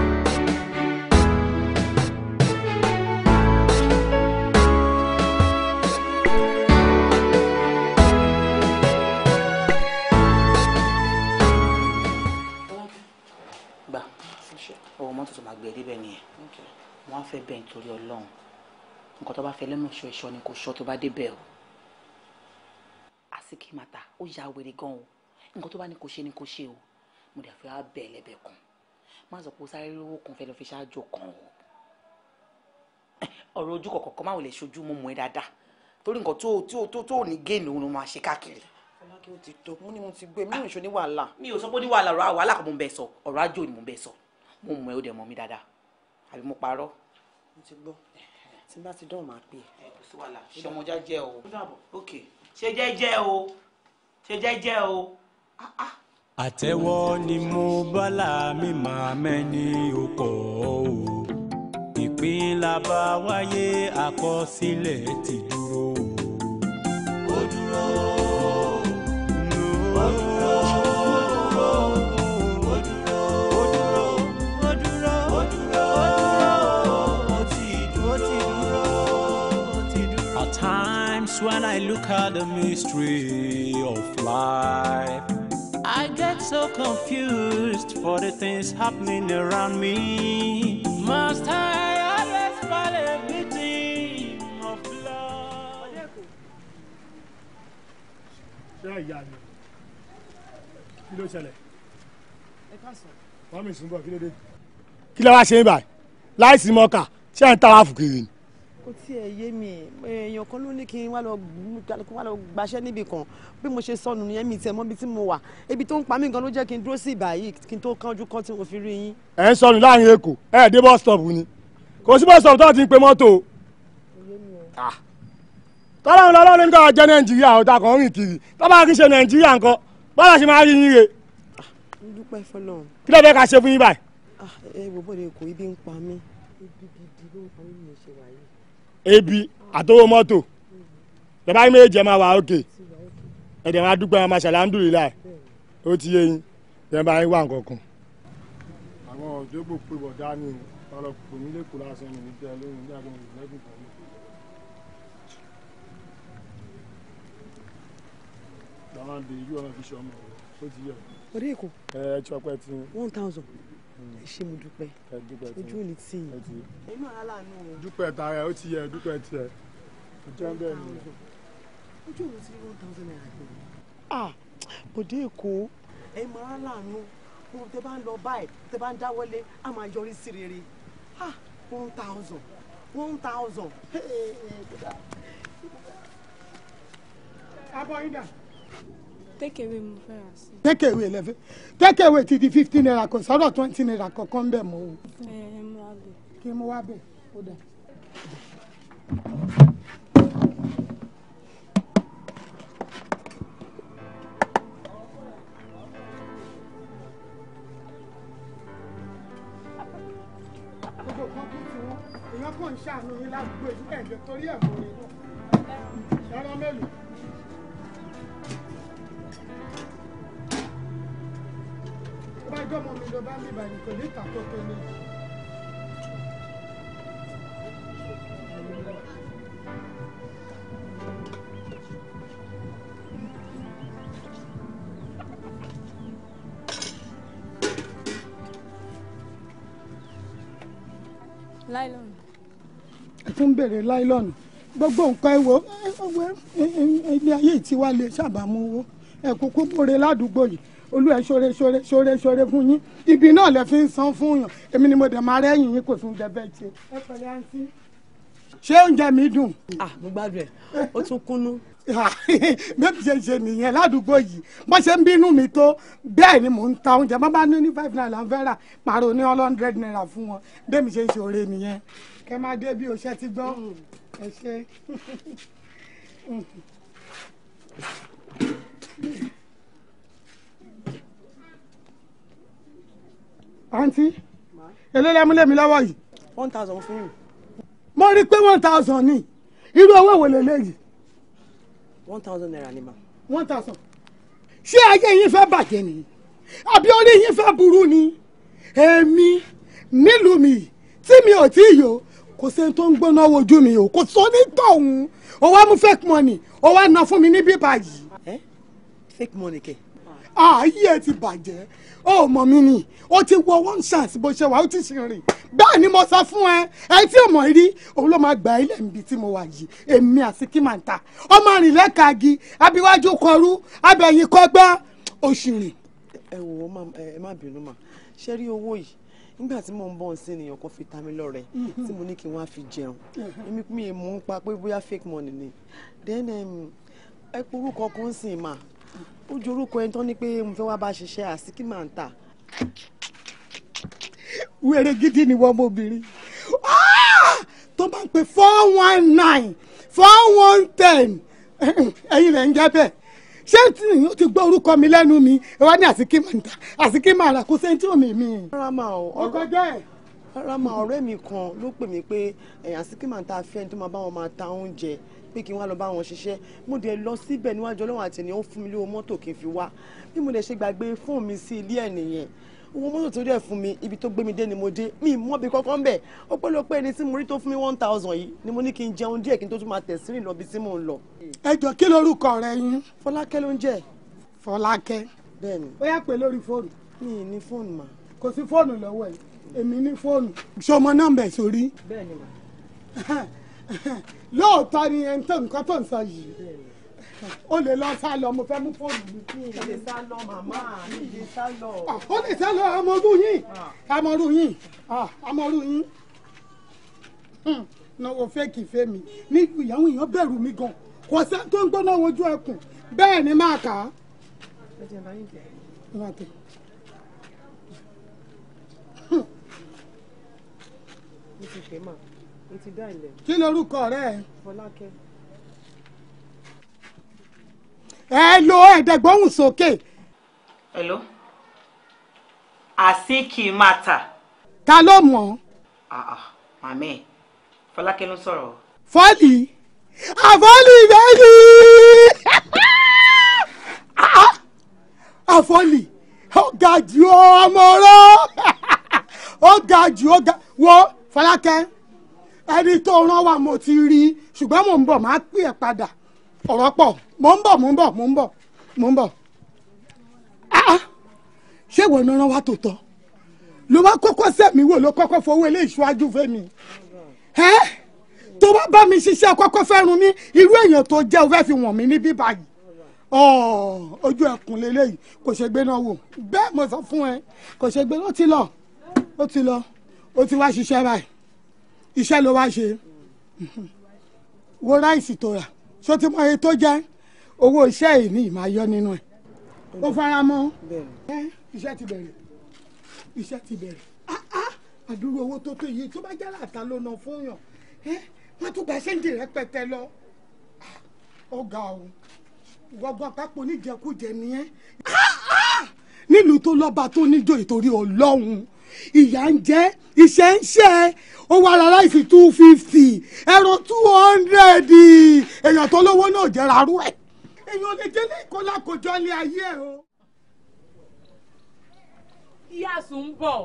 mọ́tò tó máa gbé débẹ̀ nìyẹn wọ́n á fẹ́ bẹ̀ nítorí ọlọ́run nǹkan tó bá fẹ́ lẹ́nu ṣọ ìṣọ́ ni kò ṣọ́ tó bá débẹ̀ o àsìkí màtà ó ya wèrè gan o nǹkan tó bá ní kò ṣe ni kò ṣe o mo dẹ̀ fẹ́ á bẹ̀ lẹ́bẹ̀ kan má sọ pé ó sáré owó kan fẹ́ lọ fi ṣáájú kan o ọ̀rọ̀ ojú kọ̀ọ̀kan kan máa lè ṣojú mo mọ̀ ẹ́ dáadáa torí nǹkan tó tó tó tó ní géènì òun ló máa ṣe káàkiri. ọlákẹ́ ó ti tó mo ní mo ti gbé mi ò ṣe ní wàhálà. mi ò sọ pé ní wàhálà ọ̀rọ̀ wàhálà mo ń bẹ sọ ọ̀rọ̀ àjò ni mo ń bẹ sọ mo mọ̀ ẹ́ mọ̀ mi dáadáa àbí mo parọ́. mo ti gbọ́ tí bá ti dán màá pè é. kò wàhálà ṣe ọmọ jẹ́jẹ́ o ok ṣe jẹ́jẹ́ o ṣe jẹ́jẹ́ o. àtẹ́wọ́ ni mo bá láàmì màá mẹ́ni okọ̀ o ìpín bá wáyé àkọsílẹ̀ tìlú. I look at the mystery of life, I get so confused for the things happening around me. Must I always fall a victim of love? kí ló ṣẹlẹ̀? ẹ ká bọ̀ kí ló dé. kí ló wá ṣe é báyìí láìsí mọ́kà ṣé ẹ̀ ń tàwa fùkìrì ni kò tiẹ̀ yé mi èèyàn kan ló ní kí n wá lọ gbaṣẹ́ níbì kan bí mo ṣe sọnù yẹn mi tiẹ̀ mọ́ ibi tí mo wà ibi tó ń pa mí gan ló jẹ́ kí n dúró sí ìbàyí kí n tó kánjú kan tí mo fi rí yín. ẹ ń sọnù láàrin èkó ẹ dé bus stop ni kò sí bus stop tó ti ń pe mọ́tò ah. ah. tọ́lọ́run lọ́lọ́run ló ní ká jẹ́ nàìjíríà ọ̀tá kan rìn kiri tó bá kí n ṣe nàìjíríà nǹkan bọ́lá ṣe máa rí yín re. Ah, dúpẹ́ ebi àtọwọ́ mọ́tò bàbá mi jẹ́ máa wà òkè ẹ̀dẹ̀ máa dúpẹ́ máa ṣàlàndùlélà ó ti yé yín yẹn bá yín wà nǹkankan. àwọn òjòbó pé bọ̀dá ni ọlọ́pàá mi lè kó lásán ní ìdí ẹlẹ́yìn ní àgbọn ìlẹ́gùn kan. bàbá mi yóò fi ṣe ó ti yẹ. orí èkó. ẹ ẹ tí ọpẹ ti. one thousand ẹ ṣé mo dúpẹ́ ojú ò ní tì í inú ara nù o. dúpẹ́ tara ó ti yẹ dúpẹ́ tiẹ̀ ojú ẹ̀ bẹ́ẹ̀ ni. ojú òun ti one thousand naira gbé. ah bòdé èkó. ẹ mọ ara láàánú ohun tẹ bá ń lọ báyìí tẹ bá ń dáwọ́lé á máa yọrí sí rere ah one thousand one thousand. abọ́ yín dà tẹ́kẹ̀wé mo fẹ́ rà sí. tẹ́kẹ̀wé lẹ́fẹ̀ẹ́ tẹ́kẹ̀wé ti di fifteen naira kò sọ̀rọ̀ twenty naira kankan bẹ́ẹ̀ mọ́ o. ẹ ẹ mo wá bẹ̀. kí mo wá bẹ̀ ó dà. láìlọ́nù. ẹ tún ń bèrè láìlọ́nù gbogbo nǹkan ẹ̀wọ̀ ilé ayé tí wàá lè ṣàbàmú owó ẹ kúkú bóre ládùúgbò yìí olú ẹ ṣoore ṣoore ṣoore ṣoore fún yín ibi náà lẹ fi ń san fún yàn èmi ni mo dẹ̀ máa rẹ́yìn yín kò tún dẹ́bẹ̀ ṣe. ẹ pẹ̀lẹ́ àǹtí. ṣé oúnjẹ mi dùn. ah mo gbádùn ẹ ó tún kúnnú mẹ́bí ṣe ṣe nìyẹn ládùúgbò yìí bó ṣe ń bínú mi tó bẹ́ẹ̀ ni mò ń ta oúnjẹ má bá ní ní five naira fẹ́ rà pààrọ̀ ní one hundred naira fún wọn bẹ́ẹ̀ mi ṣe ń ṣe nìyẹn kẹ́ máa dé bí o ṣe ti gbọ́ ẹ ṣe. àǹtí èlé lẹ́múlẹ́mi lọ́wọ́ yìí. one thousand fún yín. mo rí i pé one thousand ni irú owó wo lè léyìí one thousand naira ni ma. one thousand ṣé ayé yín fẹ́ bàjẹ́ ni àbí orí yín fẹ́ burú ni èmi nílùú mi tí mi ò tí yò kò sẹ́ni tó ń gbóná wojú mi o kò sọ ní tọ̀hún o wá mú fake money o wá ná fún mi ní bíbá yìí. fake money kẹ. ayé ti bàjẹ́ ó mọ̀ mí ni ó ti wọ one chance bó ṣe wà ó ti ṣe rìn bẹ́ẹ̀ ni mo sọ fún ẹ ẹ tí ò mọ̀ rí òun ló máa gbà ilẹ̀ níbi tí mo wà yìí èmi àti kímàǹtà ọmọ rìn lẹ́kaagi abiwájú kọrú abẹ́yìn kọgbá oṣù rìn. ẹ wò ó ẹ má bínú mà ṣe rí owó yìí nígbà tí mò ń bọ̀ sí ènìyàn kan fi ta mi lọ́rẹ mhm. tí mo ní kí wọ́n á fi jẹun mhm. èmi mi mú un pa pé bóyá fake money ni then ẹ kúrú kankan sì máa ó ju orúkọ ẹni tán ni pé mo fẹ́ wá bá a ṣiṣẹ́ àsìkí máa ń tà wẹ́rẹ́ gidi ni wọ́n mọ́bìnrin ah! tó bá ń pè four one nine four one ten ẹ̀yin lẹ́ ń jẹ́ bẹ́ẹ̀ ṣé tí o ti gbọ́ orúkọ mi lẹ́nu mi ẹ wá ní àsìkí máa ń tà àsìkí máa rà kó sẹ́ńtì omi mi. ọkọ jẹ́ ẹ̀ rárá ma ọ̀rẹ́ mi kan ló pè mí pé ẹ̀yàn síkìmà tá a fẹ́ ẹni tó máa bá wọn máa ta oúnjẹ pé kí n wá lọ bá wọn ṣiṣẹ́ mo dẹ̀ lọ síbẹ̀ níwájú ọlọ́run àti ènìyàn ó fún mi lówó mọ́tò kí n fi wá bí mo dẹ̀ ṣe gbàgbé fóònù mi sí ilé ẹ̀ nìyẹn owó mọ́tò tó dẹ̀ fún mi ibi tó gbé mi dé ni mo dé mi mọ́ bí kankan bẹ̀ ọpẹ́lọpẹ́ ẹni tí mo rí tó fún mi one thousand yìí ni mo ní kí n jẹun díẹ̀ kí n tó tún máa tẹ̀ sírìn lọ bí tí mò ń lọ. ẹ jọ kí lorúkọ rẹ yín. fọlákẹ́ ló ń jẹ́. fọlákẹ́. bẹ́ẹ̀ni. ó yà pé lórí fóònù. mi ì ní fóònù mà. kò sí fóònù lọ́wọ́ ẹ̀ èmi ní fóònù. sọmọ nọ́mbà sórí. bẹ́ẹ̀ni mà. lóòótọ́ ni ẹni tó nǹkan tó ń sọ yìí o lè lọ sá lọ mo fẹ́ mú fóònù mi. o lè sá lọ màmá mi lè sá lọ. o ah, lè sá lọ amọ̀rú yín amọ̀rú ah. yín amọ̀rú ah, yín náwó fẹ́ẹ̀kì fẹ́mi ní ìyàwó èèyàn bẹ̀rù mi gan kò sẹ́ni tó ń gbóná wojú ẹkùn bẹ́ẹ̀ ni máa kà á. Thank you mo kí lorúkọ rẹ. ẹ lo ẹ̀ẹ́dẹ̀gbọ́hùn sókè. hello àsín kì í máa tà. ta ló mọ̀. Ah, ah, màmí fọlákẹ́ ló sọ̀rọ̀. fọ́ọ̀lì àfọ́ọ̀lì bẹ́ẹ̀ni ah, àfọ́ọ̀lì ó ga jù ọmọ rọ ó ga jù ó ga wọ fọlákẹ́ ẹni tó rán wa mo ti rí i ṣùgbọ́n mò ń bọ̀ máa pè ẹ́ padà ọ̀rọ̀ pọ̀ mò ń bọ̀ mò ń bọ̀ mò ń bọ̀ mò ń bọ̀ ah, ah. ṣé ìwọ náà rán wa tó tọ́ ló bá kọ́kọ́ sẹ́mi wò ló kọ́kọ́ fowó ilé ìṣúwájú fẹ́mi ẹ́ tó bá bá mi ṣiṣẹ́ kọ́kọ́ fẹ́ run mí irú èèyàn tó jẹ́ o fẹ́ fi wọ̀n mí ní bí báyìí ojú ẹkùn lélẹ́yìí kò ṣe gbé náà wò bẹ́ẹ̀ mo sọ fún ẹ kò ṣe gbé ó ti lọ ó ti lọ ó ti wá ṣiṣẹ́ báyìí iṣẹ́ ló wá ṣe wo ráìsì tó rà ṣó ti mọ iye tó jẹ́ owó iṣẹ́ yìí ni ìmọ̀ ayọ́ nínú ẹ̀ ó fara mọ́ iṣẹ́ ti bẹ̀rẹ̀ iṣẹ́ ti bẹ̀rẹ̀ àdúrú owó tó tó yìí tó bá jẹ́ làtà ló ná fún yàn wọ́n tún gba ṣéǹdì rẹpẹtẹ lọ ọ̀gá o gbọ̀ngàn kápò níjẹkújẹ nìyẹn nílùú tó lọ́ba tó níjó ìtorí ọlọ́run ìyá ń jẹ́ iṣẹ́ ń ṣe owó ara láìsí two fifty ẹ̀rọ two hundred èèyàn tó lówó náà jẹ́ra rú ẹ̀. èèyàn lè jẹ́ ní ìkọlá kòjọ ilé ayé ẹ̀ o. ìyàsùn ń bọ̀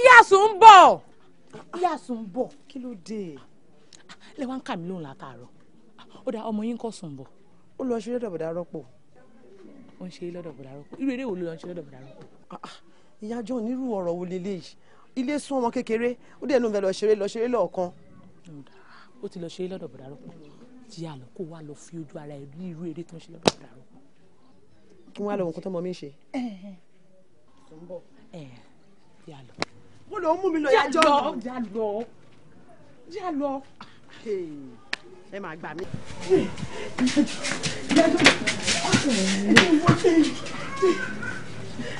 ìyàsùn ń bọ̀ ìyàsùn ń bọ̀ kí ló dé ah, lè wá ń kà mí lóhùn látàárọ̀ ó dá ọmọ yín kọ́ sùn bọ̀. ó lọ ṣe lọ́dọ̀ bọ̀dá rọ́pò. ó ń ṣe lọ́dọ̀ bọ̀dá rọ́pò irú eré wo ló lọ ṣe lọ́dọ̀ bọ̀dá rọ́pò. Ah, ah ìyá john nírú ọ̀rọ̀ wo leléyìí ilé sún ọmọ kékeré ó dẹ̀ ló ń fẹ́ lọ ṣeré lọ ṣeré lọ́ọ̀kan. ó ti lọ ṣeré lọ́dọ̀ bọ̀dá rọ́pò tí a lọ kó wa lọ fi ojú ara ẹ̀ rí irú eré tó ń ṣe lọ́dọ̀ bọ̀dá kí wọ́n á lọ nǹkan tó mọ mí ṣe. mo lọ mú mi lọ ìyá lọ jà lọ. ẹ máa gbà mí. ìyá john ọkùnrin ẹ̀ ẹ̀ wọ́n ṣe é.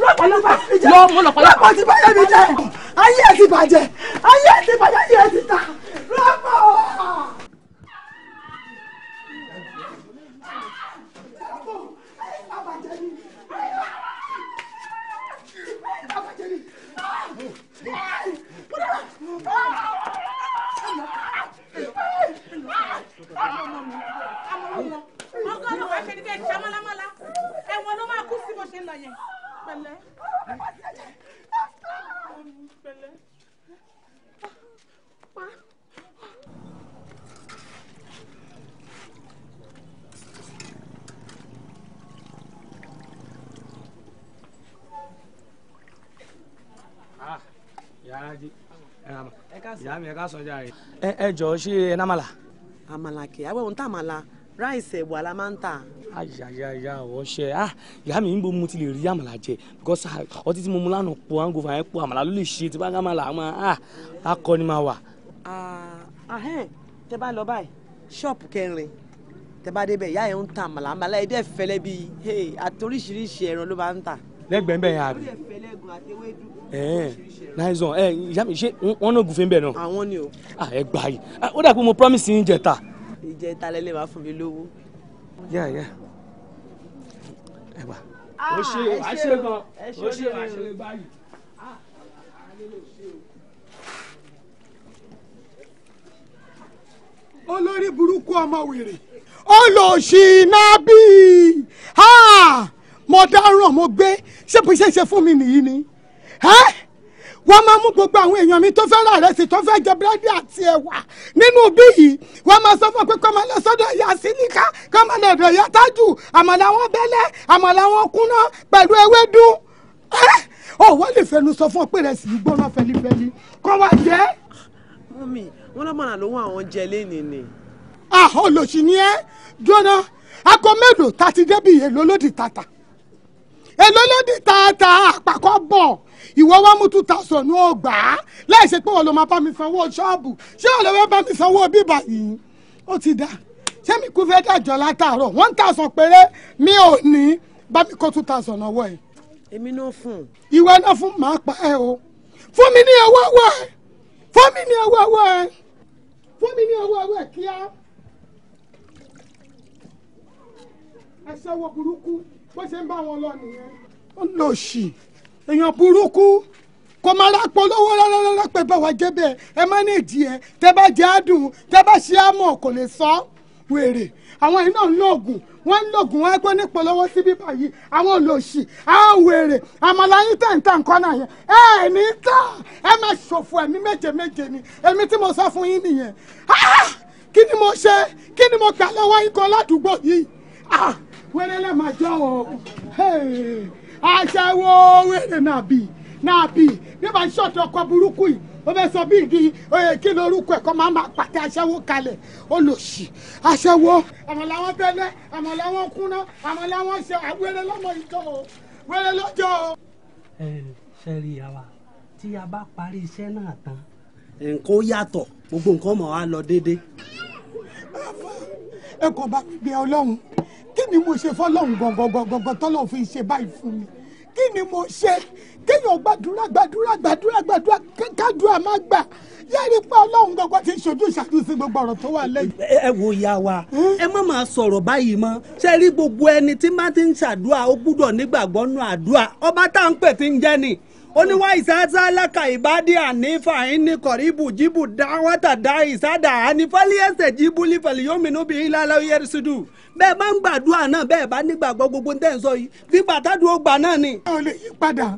lọ́pọ̀lọpọ̀ ìjà lọ́pọ̀ ti bàjẹ́ mi jẹ́ ayé ti bàjẹ́ ayé ti bàjẹ́ ayé ti ta lọ́pọ̀. ọgọ́ ló wá ṣe ní bẹ́ẹ̀ ṣe amọ́lámọ́lá ẹ̀wọ̀n ló máa kú sí bó ṣe ń lọ yẹn pẹ̀lẹ́ pẹ̀lẹ́ ah, pa. ìyá mi ẹ ká sọjá rẹ. ẹ jọ̀ọ́ ṣe ẹ námàlà. àmàlà kì í àwọn ohun tá àmàlà ráìsì ẹ̀wà la máa ń tà ayayaya ọṣẹ ah ìyá mi níbo mo ti lè rí àmàlà jẹ because ah, ọtí tí mo mu lánàá po hangover yẹn po àmàlà ló lè ṣe tí bá ń gàmàlà àmà ah akọni máa wà. ahẹ́n ah, tẹ bá lọ báyìí ṣọ́ọ̀pù kẹrin tẹ bá débẹ̀ ìyá yẹn ń ta àmàlà àmàlà ẹ̀ dẹ́ fẹ́lẹ́ bíi àti oríṣiríṣi ẹran ló bá ń tà. lẹ́gbẹ̀ẹ́ bẹ́ẹ̀ yà á bí. náìzọ ẹ ìyá mi ṣé wọn náà gùnfẹ́ bẹ́ẹ̀ náà. àwọn ni o. Ah, ẹ gbà yìí ó dà pé mo promise yín ta. ìjẹta lẹ́lẹ́ máa fún mi lówó. yáa yáa ẹ wà. Ah, ó ṣe àṣẹ gan ó ṣe àṣẹ báyìí. Ah, olórí burúkú ọmọ wèrè olóṣìnàbí ah, mo dáràn mo gbé ṣé bó ṣe ṣe fún mi nìyí ni wọ́n máa mú gbogbo àwọn èèyàn mi tó fẹ́ ra ìrẹsì tó fẹ́ jẹ búrẹ́dì àti ẹ̀wà nínú bí yìí wọ́n máa sọ fún pé kọ́ máa lọ sọ́dọ̀ ìyá sílíkà kọ́ máa lọ ọ̀dọ̀ ìyá tájù àmàlà wọn bẹ́lẹ̀ àmàlà wọn kúnná pẹ̀lú ewédú ó wọ́n lè fẹnu sọ fún ọ pé ìrẹsì yìí gbóná fẹlifẹli kọ́ wá jẹ́. mọ́mí wọn lọ́mọ̀ràn ló wọ́n àwọn jẹ lẹ́ni ni ìwọ wá mú two thousand ní ọgbà láì ṣe pé wọn ló máa bá mi sanwó ṣọ́ọ̀bù ṣé wọn ló fẹ́ bá mi sanwó bíbà yìí ó ti dà ṣé mi kú fẹ́ dàjọ́ látàárọ̀ one thousand péré mi ò ní bá mi kó two thousand ọwọ́ ẹ̀. èmi náà fún un. ìwọ náà fún màá pa ẹ o fún mi ní owó ọwọ́ ẹ fún mi ní owó ọwọ́ ẹ fún mi ní owó ọwọ́ ẹ kíá. ẹ sanwó burúkú bó ṣe ń bá wọn lọ nìyẹn. ó lọ sí i èèyàn burúkú kò máa rápò lówó rárá rárá pé bá wa jẹ bẹ́ẹ̀ ẹ má ní ìdí ẹ tẹ bá jẹ àdùn tẹ bá ṣe àmọ́ kò lè sọ wèrè àwọn yìí náà ń lo oògùn wọn ń lo oògùn wọn ẹgbẹ nípò lọ́wọ́ síbí báyìí àwọn olóòṣì àwọn wèrè àmàlàyé tẹǹtà nǹkan yẹn ẹ ẹ ní tà ẹ má ṣòfò ẹ̀mí méje méje ni èmi tí mo sọ fún yín nìyẹn kí ni mo ṣe kí ni mo gbà lọ́wọ́ yín kan ládùúgbò yìí ah! wẹrẹ lẹ máa jọ o. Hey aṣẹ́wó wèrè nàbì nàbì nígbà ṣọ́ọ̀tì ọkọ̀ burúkú yìí ó fẹ́ sọ bíi di kí ló orúkọ ẹ̀ kọ́ máa máa pàtẹ aṣẹ́wó kalẹ̀ ó lò sí aṣẹ́wó. àmọ́ làwọn tẹ́lẹ̀ àmọ́ làwọn kúná àmọ́ làwọn ṣe wẹ́rẹ́ lọ́mọ ìjọ o wẹ́rẹ́ lọ́jọ́ o. ẹ ṣe rí àwa tí a bá parí iṣẹ́ náà tán nǹkan ó yàtọ̀ gbogbo nǹkan mọ̀ á lọ déédéé. ẹ kò bá gbé ọlọ́run kí ni mo ṣe fọlọ́run gangan tọ́lọ́run fi ṣe báyìí fún mi kí ni mo ṣe kéèyàn gbàdúrà gbàdúrà gbàdúrà gbàdúrà kádùá má gbà yẹ́rì pé ọlọ́run gangan ti ń ṣojú ìṣàjú sí gbogbo ọ̀rọ̀ tó wà lẹ́yìn. ẹ wo ìyá wa hmm? ẹ má máa sọ̀rọ̀ báyìí mọ́ ṣe rí gbogbo ẹni tí má ti ń ṣàdúrà ó gbúdọ̀ nígbàgbọ́ nù àdúrà ọba tá à ń pè ti ń jẹ́ ni ó ní wá ìsáàtà aláka ìbádìí ànífà ní kọ̀ríbù jíbù dáwọ́tà dá ìsáàdà ànífàlíyẹsẹ̀ jíbù lífẹ̀lì yóò mìíràn bí ilá yẹrù sídù bẹ́ẹ̀ bá ń gbàdúrà náà bẹ́ẹ̀ bá nígbàgbọ́ gbogbo tẹ̀ ń sọ yìí bí bàtàdù ó gbà náà ni. mi ò lè yí padà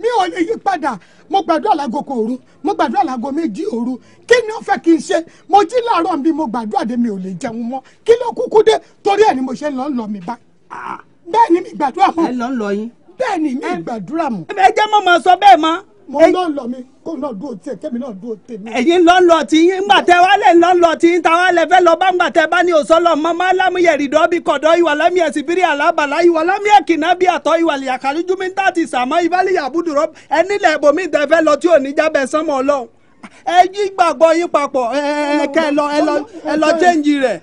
mi ò lè yí padà mo gbàdúrà láago kan òru mo gbàdúrà láago méjì òru kí ni ó fẹ́ kí n ṣe mo jí láàárọ̀ bí mo gbàdúrà dé mi ò lè jẹun mọ́ kí ló kúkú dé ah, ni mi bá bẹ́ẹ̀ ni bẹ́ẹ̀ ni mi gbàdúrà mu. ẹ jẹ́ mọ́ mọ́ sọ bẹ́ẹ̀ mọ́. mo ń lọ lọ mi kó náà dúró tiẹ̀ kẹ́mi náà dúró tèmi. ẹ̀yin lọ ń lọ tí yín ńgbà tẹ wá lẹ̀ ń lọ ń lọ tí yín ta wá lẹ̀ fẹ́ lọ bá ńgbà tẹ bá ní òsọ́lọ̀ mọ́ máa lámúyẹ̀rì dọ́bí kọ̀dọ̀ ìwà lámì ẹ̀sìn bírí ìwà lámì ẹ̀kìnà bí àtọ́ ìwà lìyàkàlújú mi ń tà ti sàmọ́ ìbálẹ̀ àbúdùrọ̀ ẹnílẹ̀ ibòmí tẹ fẹ́ lọ tí ò ní jábẹ́ sánmọ́ ọlọ́run ẹ yí gbàgbọ́ yín papọ̀ ẹ kẹ́ ẹ lọ ẹ lọ ẹ lọ chẹ́ǹjì rẹ̀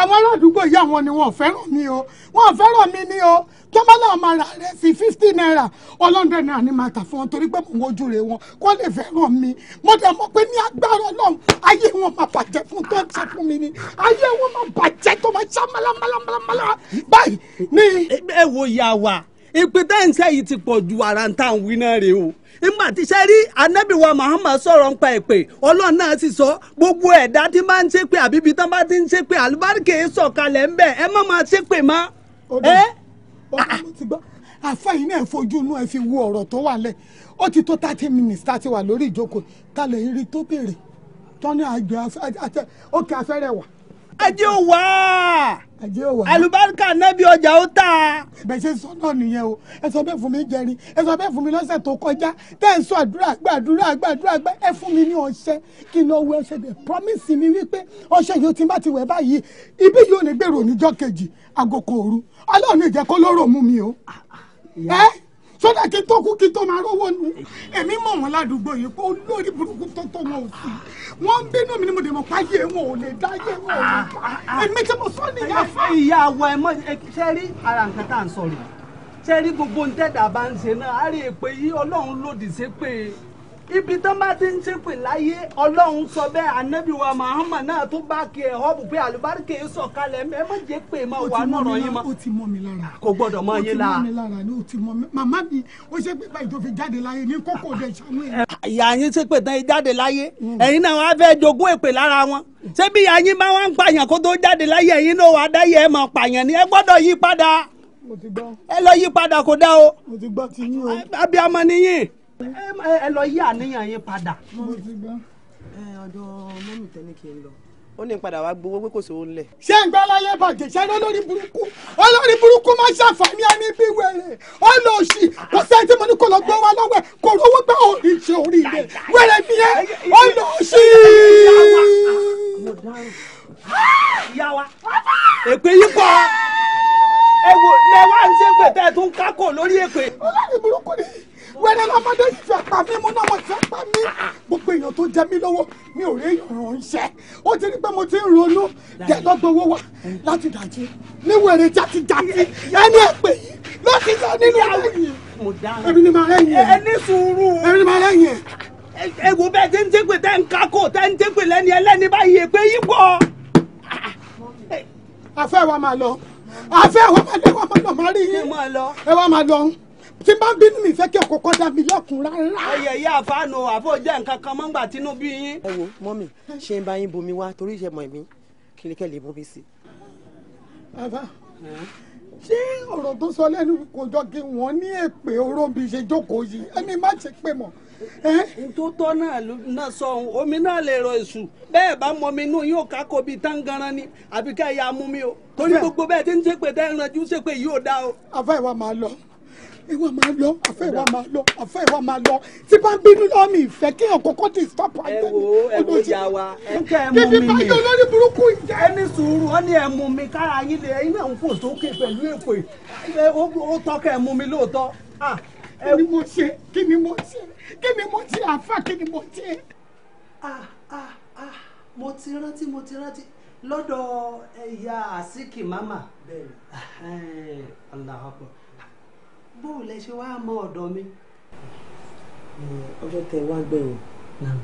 àwọn aládùúgbò yìí àwọn ni wọn ò fẹ́ràn mi o wọn ò fẹ́ràn mi ni o tó bá náà máa ra rẹ sí fifty naira ọlọ́dẹ náà ni màá tà fún wọn torí pé mò ń wojú rẹ wọn kó lè fẹ́ràn mi mo dẹ̀ mọ̀ pé ní agbára ọlọ́run ayé wọn máa bàjẹ́ fún tó ń sọ fún mi ni ayé wọn máa bàjẹ́ tó máa ṣá málámálámálá báyìí ni. ẹ wo ìyá wa ìpè tẹ́ǹsẹ̀ yìí ti pọ̀ ju ara ń tà ń wí náà rèé o. nígbà tí sẹ́rí anábìwá Muhammad sọ̀rọ̀ ń pa èpè ọlọ́run náà sì sọ gbogbo ẹ̀dá tí máa ń ṣépè àbíbi tán bá ti ń ṣépè àlùbáríkè sọ̀kalẹ̀ ń bẹ̀ ẹ má máa ṣépè má. ọdún ọdún ti gbọ́ àfáyín náà fojú inú fi wo ọ̀rọ̀ tó ti tó thirty minutes tá a ti wà lórí ìjókòó tó tọ́ni àgbẹ̀ ajé ò wá ajé ò wá àlùbáríkà nábì ọjà ó tà. bẹ́ẹ̀ ṣe sọ náà nìyẹn o ẹ sọ bẹ́ẹ̀ fún mi jẹrin ẹ sọ bẹ́ẹ̀ fún mi lọ́sẹ̀ tó kọjá tẹ́ ẹ sọ àdúrà gbàdúrà gbàdúrà gbà ẹ fún mi ní ọṣẹ kí n lọ wẹ ọṣẹ bẹ́ẹ̀ promise mi wípé ọṣẹ yìí ó ti bá ti wẹ̀ báyìí ibi yìí ò ní gbèrò níjọ́ kejì aago kò rú ọlọ́run ìjẹ́kọ́ lóró mú mi o. Ah, ah, ẹ sọ́dà kí n tó kú kí n tó máa rówó nu èmi mọ̀ wọ́n ládùúgbò yìí pé olórí burúkú tó tó wọn ò sí wọ́n ń bínú mi ni mo dé mọ̀ páyé wọn ò lè dá yé wọn ò lè dá èmi tí mo sọ nìyá fún. ìyá àwọ̀ ẹ̀ mọ́ ṣe rí ara nǹkan tá à ń sọ̀rọ̀ ṣe rí gbogbo ń tẹ̀dà bá ń ṣe náà á rí i pé ọlọ́run lòdì sí pé ibi tó bá ti ń ṣépè láyé ọlọ́run sọ bẹ́ẹ̀ anábìwá mahama náà tó bá kí ẹ họ́ọ̀bù pé àlùbáríkè sọ̀kalẹ̀ ẹ má jẹ́ pé má wà nọ̀rọ̀ yín mọ́. o ti mọ mi lára kò gbọdọ̀ mọ yín lára. o ti mọ mi lára ni o ti mọ mi màmá mi o ṣe pé báyìí tó fi jáde láyé ní kókó rẹ̀ ṣàánú ẹ̀. ìyá yín ṣépè tán jáde láyé mm. ẹ̀yin náà wá fẹ́ jogún èpè lára wọn ṣé bí ìyá bá wá ń pààyàn kó tó jáde láyé ẹ̀yin náà wá dáyé ẹ̀ mọ̀ pààyàn ni ẹ gbọ́dọ̀ yí padà ẹ lọ yí padà kó dá o àbí amọ̀ nìyí ẹ lọ yí àníyàn yín padà. mo ti gbọ́. ọ̀dọ̀ mọ́mì tẹ́lẹ̀ kì í lọ ó ní padà wá gbowó pé kò sówó ńlẹ̀. ṣé ń gbọ́ láyé bàjẹ́ ṣé olórí burúkú olórí burúkú máa ṣàfàmì ẹni bí wẹ̀rẹ̀ ọlọ́ọ̀ṣì kò sẹ́yìn tí mo ní kó lọ gbọ́ wá lọ́wọ́ ẹ̀ kò rówó gbà orí ṣe orí rẹ̀ wẹ̀rẹ̀ mi yẹn ọlọ́ọ̀ṣì. ìyá wa èpè yìí pọ̀ ẹ wò lẹ́wà ń ṣe pé tẹ́ ẹ tún kákò lórí èpè. olórí burúkú ni wẹ́rẹ́ lọ́mọdé yìí fẹ́ pa mí mú náà mo fẹ́ pa mí gbogbo èèyàn tó jẹ mí lọ́wọ́ mi ò rí èèyàn ránṣẹ́ ó ti ní pé mo ti ń ronú jẹ́dọ́gba owó wa láti dàjí ní wẹ̀rẹ̀ játijàti ẹni ẹ̀pẹ̀ yìí ló ti yọ nínú àwọn yìí ẹbí ni màá rẹ̀yìn ẹ̀ ẹni sùúrù ẹbí ni màá rẹ̀yìn ẹ̀. ewu bẹ́ẹ̀ tí ń jẹ́ pé tẹ́ ń kakó tẹ́ ń jẹ́ pé lẹ́ni ẹlẹ́ni báyìí èpè yìí pọ̀. àfẹ́ wa máa lọ àfẹ́ wa máa lọ ẹ wá máa lọ tí bá ń bínú mi fẹ́ kí ọkọ̀ kan dá mi lọ́kùn rárá. ẹyẹ ìyá àfáànù àfọ̀jẹ́ nǹkan kan mọ́ ń gbà tínú bí yín. ẹ wo mọ́mì ṣé ń bá yín bomi wá torí ìṣẹ́ mọ̀ mí kìnìkẹ́ lè bomi sí. bàbá ṣé ọ̀rọ̀ tó sọ lẹ́nu kò jọ kí wọ́n ní èpè oróbi ṣe jókòó yìí ẹni má ṣe pé mọ́. tó tọ́ náà sọ ohun omi náà lè rọ èṣù bẹ́ẹ̀ bá mọ inú yóò ká bíi táǹgàrán ni àbí ká mú mi o torí gbogbo bẹ́ẹ̀ tí ń ṣépè tẹ́ ń ranjú ṣépè yìí ò dá o. afẹ́ ìwà máa lọ ìwà máa lọ àfẹ́ ìwà máa lọ àfẹ́ ìwà máa lọ tí bá ń bínú lọ́wọ́ mi ìfẹ́ kí ọ̀kọ́ kọ́ ti stop àyè. ẹ wo ẹ wo ìyá wa ẹ kẹ́ ẹ mú mi mi. bíbí báyọ̀ lórí burúkú ìjà. ẹ ní sùúrù ó ní ẹ mú mi kára yín lè ẹyin náà ń fò sókè pẹ̀lú èpè ó tọ́ kẹ́ ẹ mú mi lóòótọ́. kí ni mo ṣe kí ni mo ṣe kí ni mo ṣe àáfà kí ni mo ṣe. mo ti rántí mo ti rántí lọ́dọ̀ ẹ̀yà àsìkì mama bẹ́ẹ̀ ni bóò lẹ ṣe wá mọ ọ̀dọ̀ mi. ọjọ́ tẹ wá gbẹ̀wò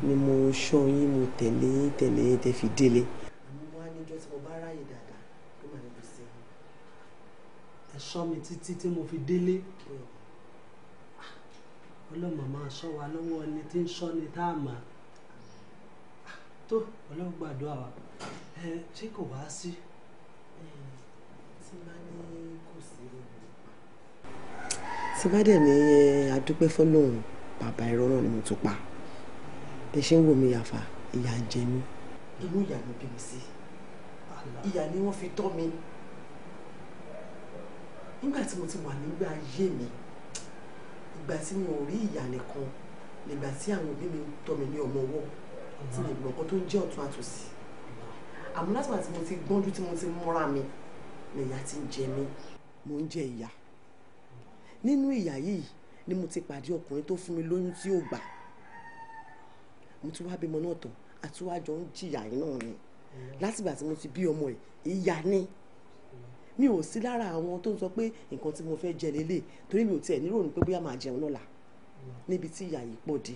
ni mo ṣọ́ yín mo tẹ̀lé tẹ̀lé tẹ fi délé. àmọ́ wá níjọ́ tí mo bá ráyè dáadáa ló máa ń lọ sí i. ẹ̀ṣọ́ mi títí tí mo fi délé. ọlọ́mọ máa ṣọ́ wa lọ́wọ́ ẹni tí ń ṣọ́ ni tá a mọ̀. tó ọlọ́run gbàdúrà wa ṣé kò wá sí. tí bá dẹ̀ ní adúpẹ́ fọlọ́run bàbá irọ́ ni mo tún pa bẹ́ẹ̀ ṣe ń wò mí yàfa ìyà ń jẹ mí. inú ìyà ló bí sí ìyà ni wọ́n fi tọ́ mi nígbà tí mo ti wà nígbà ayé mi ìgbà tí mi ò rí ìyà nìkan nígbà tí àwọn òbí mi tọ́ mi ní ọmọ ọwọ́ tí mi gbọ̀ngàn tó ń jẹ́ ọ̀tún àtòsí àmọ́ láti wà tí mo ti gbọ́njú tí mo ti múra mi nìyà ti ń jẹ mí mo ń jẹ ìyà nínú ìyà yìí ni mo ti pàdé ọkùnrin tó fún mi lóyún tí ò gbà mo ti wá bímọ náà tán àtúwájọ ń jìyà yìí náà ni látìgbà tí mo ti bí ọmọ ẹ̀ ìyà ni mi ò sí lára àwọn tó ń sọ pé nǹkan tí mo fẹ́ jẹ lélẹ̀ torí mi ò tiẹ̀ nírò ní pé bóyá màá jẹun lọ́la níbi tí ìyà yìí pọ̀ dé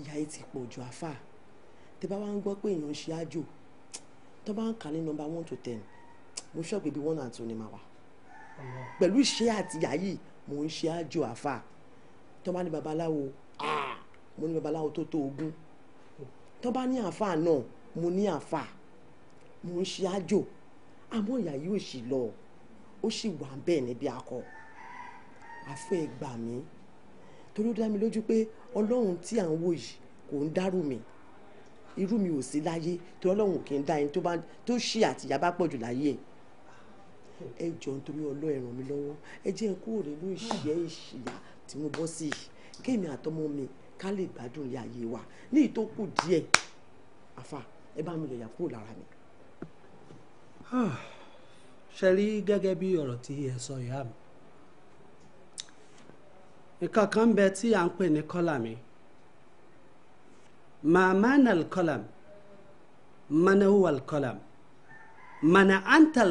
ìyà yìí ti pọ̀ ju àfà tẹ bá wá ń gbọ́ pé èèyàn ń ṣe àjò tó bá ń kà ní nọ́mbà one to ten mo ṣọ́ọ̀gbẹ́ bí one and two ni màá wà pẹ̀lú ìṣe àtìyá yìí mò ń ṣe àjò àfà tó bá ní babaláwo ah, mo ní babaláwo tó tó ogún tó bá ní àfà náà mo ní àfà mo ń ṣe àjò àmọ́ ìyá yìí ò sì lọ ó sì wà bẹ́ẹ̀ níbi akọ àfẹ́ gbà mí torí ó dá mi lójú pé ọlọ́run tí à ń wò yìí kò ń dárú mi irú mi ò sí láyé torí ọlọ́run kì í dá ẹni tó ṣì àtìyá bá pọ̀ jù láyé ẹ̀ ẹ jọ nítorí ọlọ́ ẹ ràn mí lọ́wọ́ ẹ jẹ́ n kúrò nínú ìṣẹ́ ìṣìyà tí mo bọ́ sí i kéèmí àtọmọ mi ká lè gbádùn ilé ayé wa ní ìtókù díẹ̀ àfà ẹ bá mi yọ̀yà kúrò lára mi. Ah, ṣe rí gẹ́gẹ́ bí ọ̀rọ̀ tí ẹ sọ ìyá mi nǹkan kan ń bẹ tí à ń pè ní kọ́làmì màmánàl kọ́làmì manahuwal kọ́làmì mana antal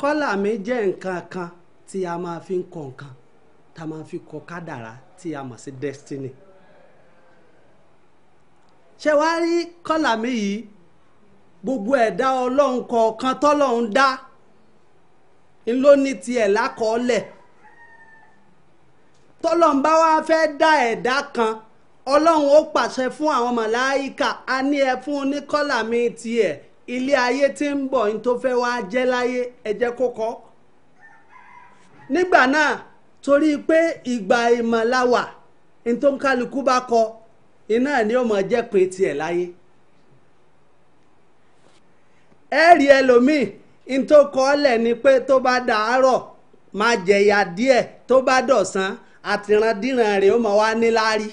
kọ́là mi jẹ́ nǹkan kan tí a máa fi ń kọ nǹkan tá a máa fi kọ kádàrá tí a mọ̀ sí destiny ṣe wá rí kọ́là mi yìí gbogbo ẹ̀dá ọlọ́run kọ̀ọ̀kan tọ́lọ́run dá ńlọ ní tiẹ̀ lákọọ́lẹ̀ tọ́lọ́run bá wá fẹ́ dá ẹ̀dá kan ọlọ́run ó pàṣẹ fún àwọn màláìka a ní ẹ fún oníkọ́là mi tiẹ̀ ilé ayé tí ń bọ̀ ní tó fẹ́ wá jẹ́ láyé ẹjẹ́ jẹ́ nígbà náà torí pé ìgbà ìmọ̀láwà ní tó ń bá kọ iná ni ó mọ̀ jẹ́ pé tiẹ̀ láyé ẹ rí ẹlòmíì ní tó kọ́ ni pé tó bá dàárọ̀ máa jẹ̀yà díẹ̀ tó bá dọ̀sán àtìrandíran rẹ̀ ó mọ̀ wá níláárí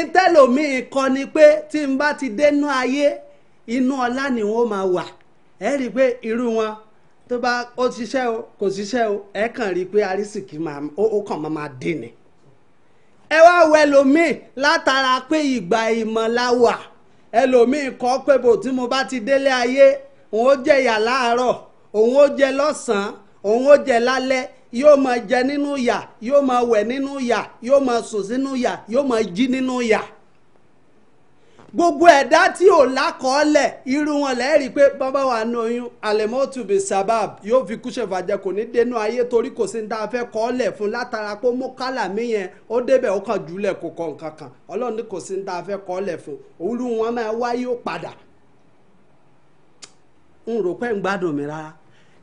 ìtẹ́lòmíì kọ ni pé tí n bá ti dénú ayé inú ọlá ni wọ́n máa wà ẹ rí i pé irú wọn tó bá ó ṣiṣẹ́ o kò ṣiṣẹ́ o ẹ kàn rí i pé arísìkí ó kàn máa máa dín ni. ẹ wá wọ ẹlòmíì látara pé ìgbà ìmọ̀ la wà ẹlòmíì kọ́ pé bò tí mo bá ti délé ayé òun ó jẹ ìyà láàárọ̀ òun ó jẹ lọ́sàn-án òun ó jẹ lálẹ́ yóò máa jẹ nínú yà yóò máa wẹ̀ nínú yà yóò máa sùn sínú yà yóò máa jí nínú yà gbogbo ẹ̀dá tí ò lákọọ́lẹ̀ irú wọn lẹ́ẹ̀rí pé bàbá wa ní oyún àlẹ́mọ́tùbí sábàb yóò fi kúṣẹ̀ fàjẹ kò ní dénú ayé torí kò sí ní tá a fẹ́ kọ́ọ́lẹ̀ fún látara pé mú kálà mí yẹn ó débẹ̀ ó kàn jùlẹ̀ kò kọ̀ nǹkan kan ọlọ́run ní kò sí ní tá fẹ́ kọ́ọ́lẹ̀ fún olú wọn máa wáyé ó padà ń rò pé ń gbádùn mi rárá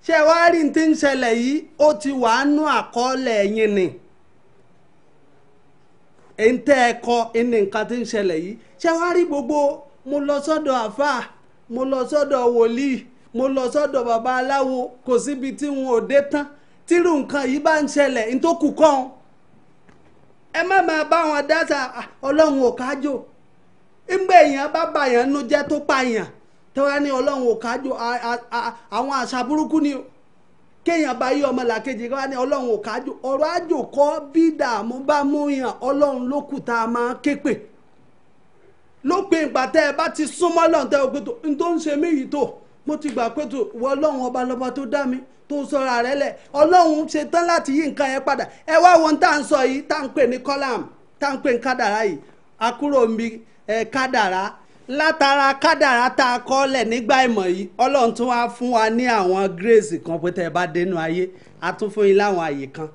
ṣé wàá rí ti ń ṣẹlẹ̀ yìí ó ti wàá nú àkọọ́lẹ̀ yín ni. ẹ̀ ń tẹ́ ẹ ẹni nǹkan tí ń ṣẹlẹ̀ yìí ṣé wàá gbogbo mo lọ sọ́dọ̀ àáfàá mo lọ sọ́dọ̀ wòlíì mo lọ sọ́dọ̀ bàbá aláwo kò síbi tí wọn ò dé tán tírú nǹkan yìí bá ń ṣẹlẹ̀ ní tó kù ẹ má máa bá wọn dáta ọlọ́run ò kájò o. kéèyàn bá yí ọmọ làkejì ká ní ọlọ́run ò kájú ọ̀rọ̀ àjò kọ́ bí dààmú bá mú yàn ọlọ́run ló kù tá a máa ké lópin ìgbà tẹ́ ẹ bá ti súnmọ́ lọ́n tẹ́ o pé tó n tó ń ṣe mí yìí tó mo ti gbà pé tó wọ ọlọ́run ọba lọ́ba tó dá mi tó sọra rẹ lẹ̀ ọlọ́run ṣe tán láti yí nǹkan yẹn padà ẹ wá wọn tá à sọ yìí tá à ń pè ní kọ́làm tá à ń pè ní kádàrá yìí àkúrò mi kádàrá látara kádàrá tá a kọ́lẹ̀ nígbà ìmọ̀ yìí ọlọ́run tún wá fún wa ní àwọn grace kan pé tẹ́ ẹ bá dénú ayé a tún fún yín láwọn àyè kan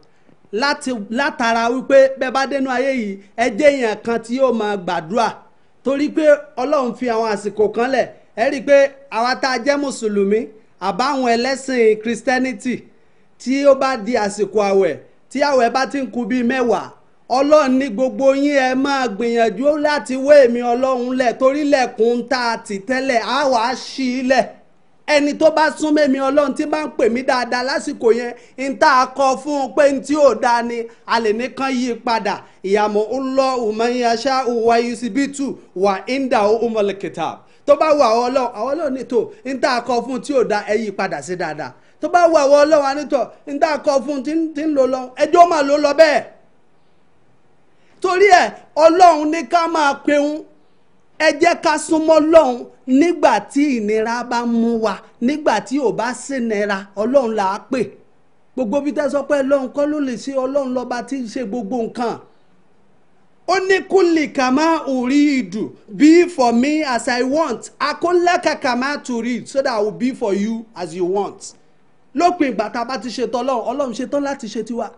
látara wípé bẹ́ẹ̀ bá dénú ayé yìí ẹ jẹ́ èèyàn kan tí yóò máa gbàdúrà torí pé ọlọ́run fi àwọn àsìkò kan lẹ̀ ẹ rí i pé àwa tá a jẹ́ mùsùlùmí àbáwọn ẹlẹ́sìn christianity tí ó bá di àsìkò àwẹ̀ tí àwẹ̀ bá ti ń kù bíi mẹ́wàá ọlọ́run ní gbogbo yín ẹ máa gbìyànjú láti wé èmi ọlọ́run lẹ̀ torí lẹ̀kùn tá a tì tẹ́lẹ̀ á wà á ṣí i lẹ̀ ẹni tó bá sún mẹ́mi ọlọ́run tí bá ń pè mí dáadáa lásìkò yẹn ń tá a kọ fún un pé tí ò dáa ni a lè nìkan yí i padà ìyàmú ńlọ ùmọ̀nyáṣá ìwà yusibitu wà índà ọmọlẹ̀kẹta tó bá wà àwọn ọlọ́run àwọn ọlọ́run nìtò ń tá a kọ fún un tí ò dáa ẹ yí padà sí dáadáa tó bá wà àwọn ọlọ́run ànítọ̀ ń tá a kọ fún un tí ń lò lọ ẹjọ́ máa lò lọ bẹ́ẹ̀ torí ẹ̀ ọlọ́run ní ká máa peun ẹ jẹ́ ká súnmọ́ ọlọ́run nígbà tí ìnira bá mú wa nígbà tí ò bá sínira ọlọ́run là á pè gbogbo bí tẹ́ sọ pé ọlọ́run kọ́ ló lè ṣe ọlọ́run lọ́ba tí ń ṣe gbogbo nǹkan ó ní kúnlì kà máa òrí ìdù be for me as I want akúnlẹ́kà kà máa to read so that I will be for you as you want lópin ìgbà tá a bá ti ṣetán ọlọ́run ọlọ́run ṣetán láti ṣe tiwa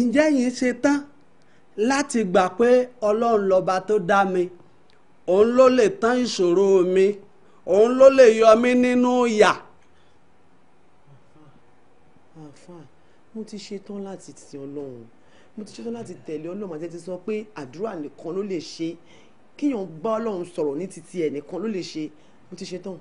ǹjẹ́ yìí ṣetán láti gbà pé ọlọ́run lọ́ba tó dá mi òun ló lè tán ìṣòro mi òun ló lè yọ mí nínú ìyà. àfáà mo ti ṣetán láti sin ọlọ́run mo ti ṣetán láti tẹ̀lé ọlọ́run àti ti sọ pé àdúrà nìkan ló lè ṣe kíyàn bá ọlọ́run sọ̀rọ̀ ní títí ẹ̀ nìkan ló lè ṣe mo ti ṣetán.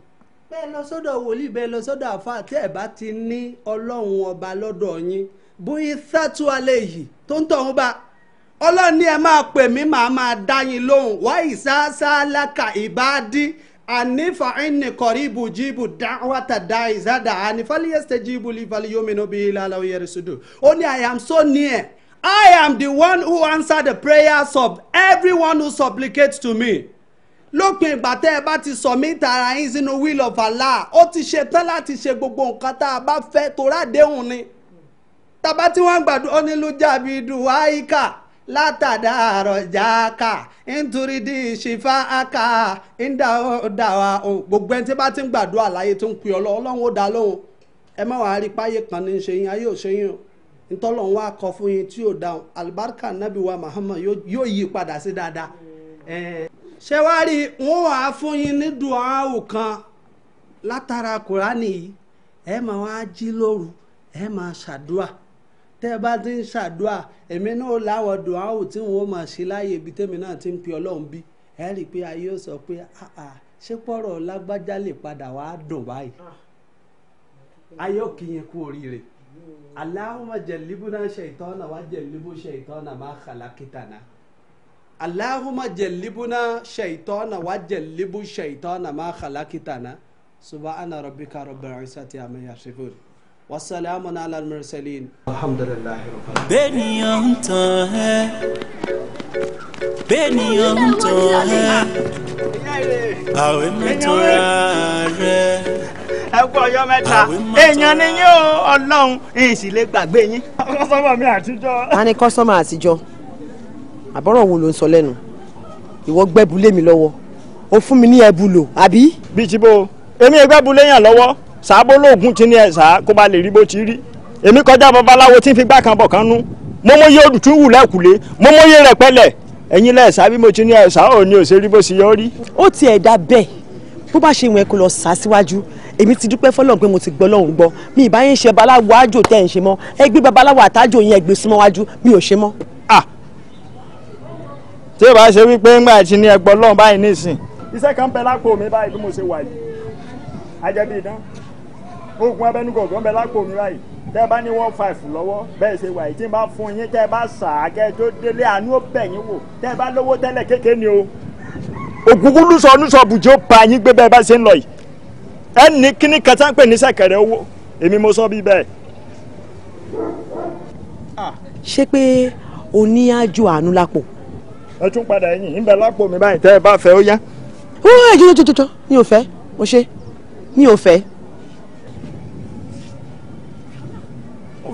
bẹ́ẹ̀ lọ sọ́dọ̀ wòlíì bẹ́ẹ̀ lọ sọ́dọ̀ àfáà tí ẹ̀ bá ti ní ọlọ́run ọba lọ́dọ̀ yín bóyá sátú yìí tó ń tọ̀hún bá ọlọ́run ẹ máa pè mí màá máa dá yín lóhùn wá ìsásálákà ìbádí ànífà ẹnì kọ̀rí ibùjìbù dáwàtà dá ìzádà ànífàlíyèsè jìbù lífàlíyómìnà bíi ìlàlà òyèrè sùdù ó ní I am so near I am the one who answer the prayers of everyone who supplicates to me lópin ìgbà tẹ́ ẹ bá ti sọ mí tara yín sínú will of Allah ó ti ṣe tán láti ṣe gbogbo nǹkan tá a bá fẹ́ torá déhùn ni tàbá tí wọ́n gbàdúrà ó dùn wáyíkà. látàdàrọ̀ jáàkà nítorí di ìṣìfà àkà ìdáwà o gbogbo ẹni tí bá ti ń gbàdúrà àlàyé tó ń pè ọ́ lọ́wọ́ ọlọ́run ó dá lóhùn ẹ má wàá rí páyé kan ní ṣe yín ayé ò ṣe yín wá kọ fún yín tí ò dáhùn alibarika nabi wa Muhammad yóò yí padà sí dáadáa ṣé wàá rí wọn á fún yín ní dùn áwò kan látara kùránì yìí ẹ máa wá jí lóru ẹ máa ṣàdúrà. tẹ́ ẹ bá ti ń ṣàdúà èmi náà láwọ̀ dùn áwò tí wọ́n ó máa ṣe láàyè ibi tẹ́mi náà ti ń pe ọlọ́run bí ẹ rí i pé ayé ó sọ pé ṣé pọ́rọ̀ lágbájá lè padà wá dùn báyìí ayé ò kí yẹn kú oríire aláhùnmá jẹ̀líbù náà ṣe ìtọ́nà wá jẹ̀líbù ṣe ìtọ́nà má kàlá kìtànà aláhùnmá jẹ̀líbù náà ṣe ìtọ́nà wá jẹ̀líbù ṣe ìtọ́nà má kàlá kìtànà subahana rabbika rabbil izzati amma yasifun wasalamu ala mursalin. alhamdulilayi rabbil. bẹ́ẹ̀niyàn ń tàn ẹ́ bẹ́ẹ̀niyàn ń tàn ẹ́ àwẹ̀ mẹ́tọ́ra rẹ̀. ẹ kú ọjọ́ mẹ́ta èèyàn ni yín o ọlọ́run èyí lè gbàgbé yín. kọ́sọ́mà mi àtijọ́. a ní kọ́sọ́mà àtijọ́ àbọ̀rọ̀ wo ló ń sọ lẹ́nu ìwọ gbẹ́bù mi lọ́wọ́ o fún mi ní ẹ̀bù àbí. bíi ti bó èmi ẹgbẹ́ bu léyàn lọ́wọ́ sàbólóògùn ti ní ẹ̀sà kó ba lè rí bó ti rí èmi kọjá babaláwo tí ń fi gbá kan bọ̀ kan nú mọ́mọ́yé òdùtúwù lẹ́kùlé mọ́mọ́yé rẹ̀pẹ́lẹ̀ ẹ̀yin lẹ́ẹ̀sà bí mo ti ní ẹ̀sà ò ní òṣè rí bó ṣe yọ rí. ó ti ẹ̀dá bẹ́ẹ̀ bó bá ṣe ìwọ̀n kó lọ sá síwájú èmi ti dúpẹ́ fọlọ́n pé mo ti gbọ́ lọ́hùn gbọ́ mi ì bá yín ṣe babaláwo àjò tẹ́ ń ṣe mọ́ ẹ gbé babaláwo àtàjò yín ẹ gbé súnmọ́ wájú mi ò ṣe mọ́. tí ìbá ṣe wípé ńgbà tí ní ẹgbọ́ lọ́hùn báyìí nísìn iṣẹ́ kan bẹ lápò mi báyìí bí mo ṣe wà yìí ajẹ́bí idán oògùn abẹ́nú kọ̀ọ̀kan bẹ lápò mi báyìí tẹ́ ẹ bá ní one five lọ́wọ́ bẹ́ẹ̀ ṣe wà yìí tí n bá fún yín tẹ́ ẹ bá sà á kẹ́ ẹ tó délé àánú ó bẹ̀ wò tẹ́ bá lówó tẹ́lẹ̀ kéke ni o. ògúngún lùsọ lùsọ bùjẹ́ pa yín gbé bẹ́ẹ̀ bá ṣe ń lọ yìí ẹ kíní kẹta ń pè ní sẹ̀kẹ̀rẹ̀ owó èmi mo sọ bí bẹ́ẹ̀. Ah, ṣé pé o ní àjò àánú lápò. ẹ tún padà ẹ̀yìn ń bẹ lápò mi báyìí tẹ́ ẹ bá fẹ́ ó yá. ó ẹjọ́ jọjọjọ mi ò fẹ́ mo ṣe mi ò fẹ́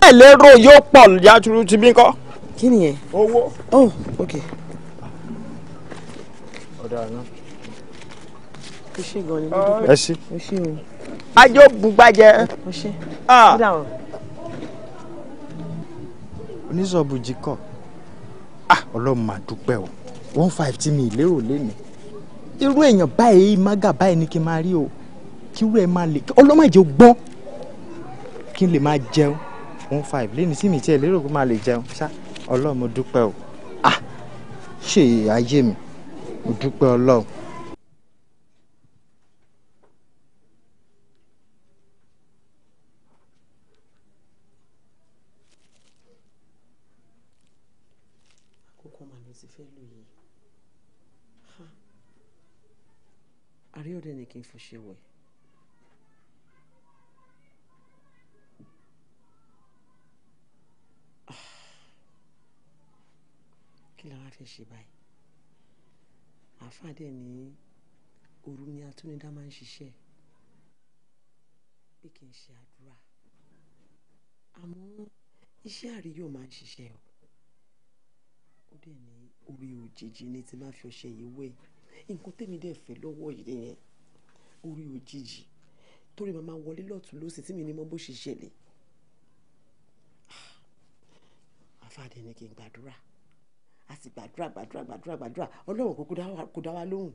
bẹ́ẹ̀ lérò yóò pọ̀ yàtúrú ti bí kọ́. kí nìyẹn. owó. oh ok. ọ̀dà náà. o ṣe gan ni mo ah. dúpẹ́. ẹ ṣí. o ṣe o. ajó bugbajẹ. o ṣe. Ah. oníṣọ́bùjì kọ̀ ah, ọlọ́run máa dúpẹ́ o one five tí mi lérò lẹ́nu irú èèyàn báyìí mága báyìí ni kí n máa rí o kí irú ẹ máa lè ọlọ́mọ gbọ́n kí n lè máa jẹun one five lẹ́nu tí mi tiẹ̀ lérò pé máa lè jẹun ṣá ọlọ́run mo dúpẹ́ o ah ṣe ayé mi mo dúpẹ́ ọlọ́run. àríọ̀dẹ̀ ni kí n fi ṣe wẹ̀ fẹ́ ṣe báyìí àáfàá dẹ̀ ní òru ni atúnidá máa ń ṣiṣẹ́ pé kí n ṣe àdúrà àmọ́ iṣẹ́ àríyọ̀ máa ń ṣiṣẹ́ o ó dẹ̀ ní orí òjijì ni tí máa fi ọṣẹ yìí wẹ̀ nǹkan tèmi dẹ̀ fẹ́ lọ́wọ́ yìí yẹn orí òjijì torí màmá wọlé lọ́tún lọ́sì tí mi ní mọ bó ṣe ṣẹlẹ̀ ah! àfàdé ni kí n gbàdúrà a sì gbàdúrà gbàdúrà gbàdúrà gbàdúrà ọlọ́run kò dá wa lóhùn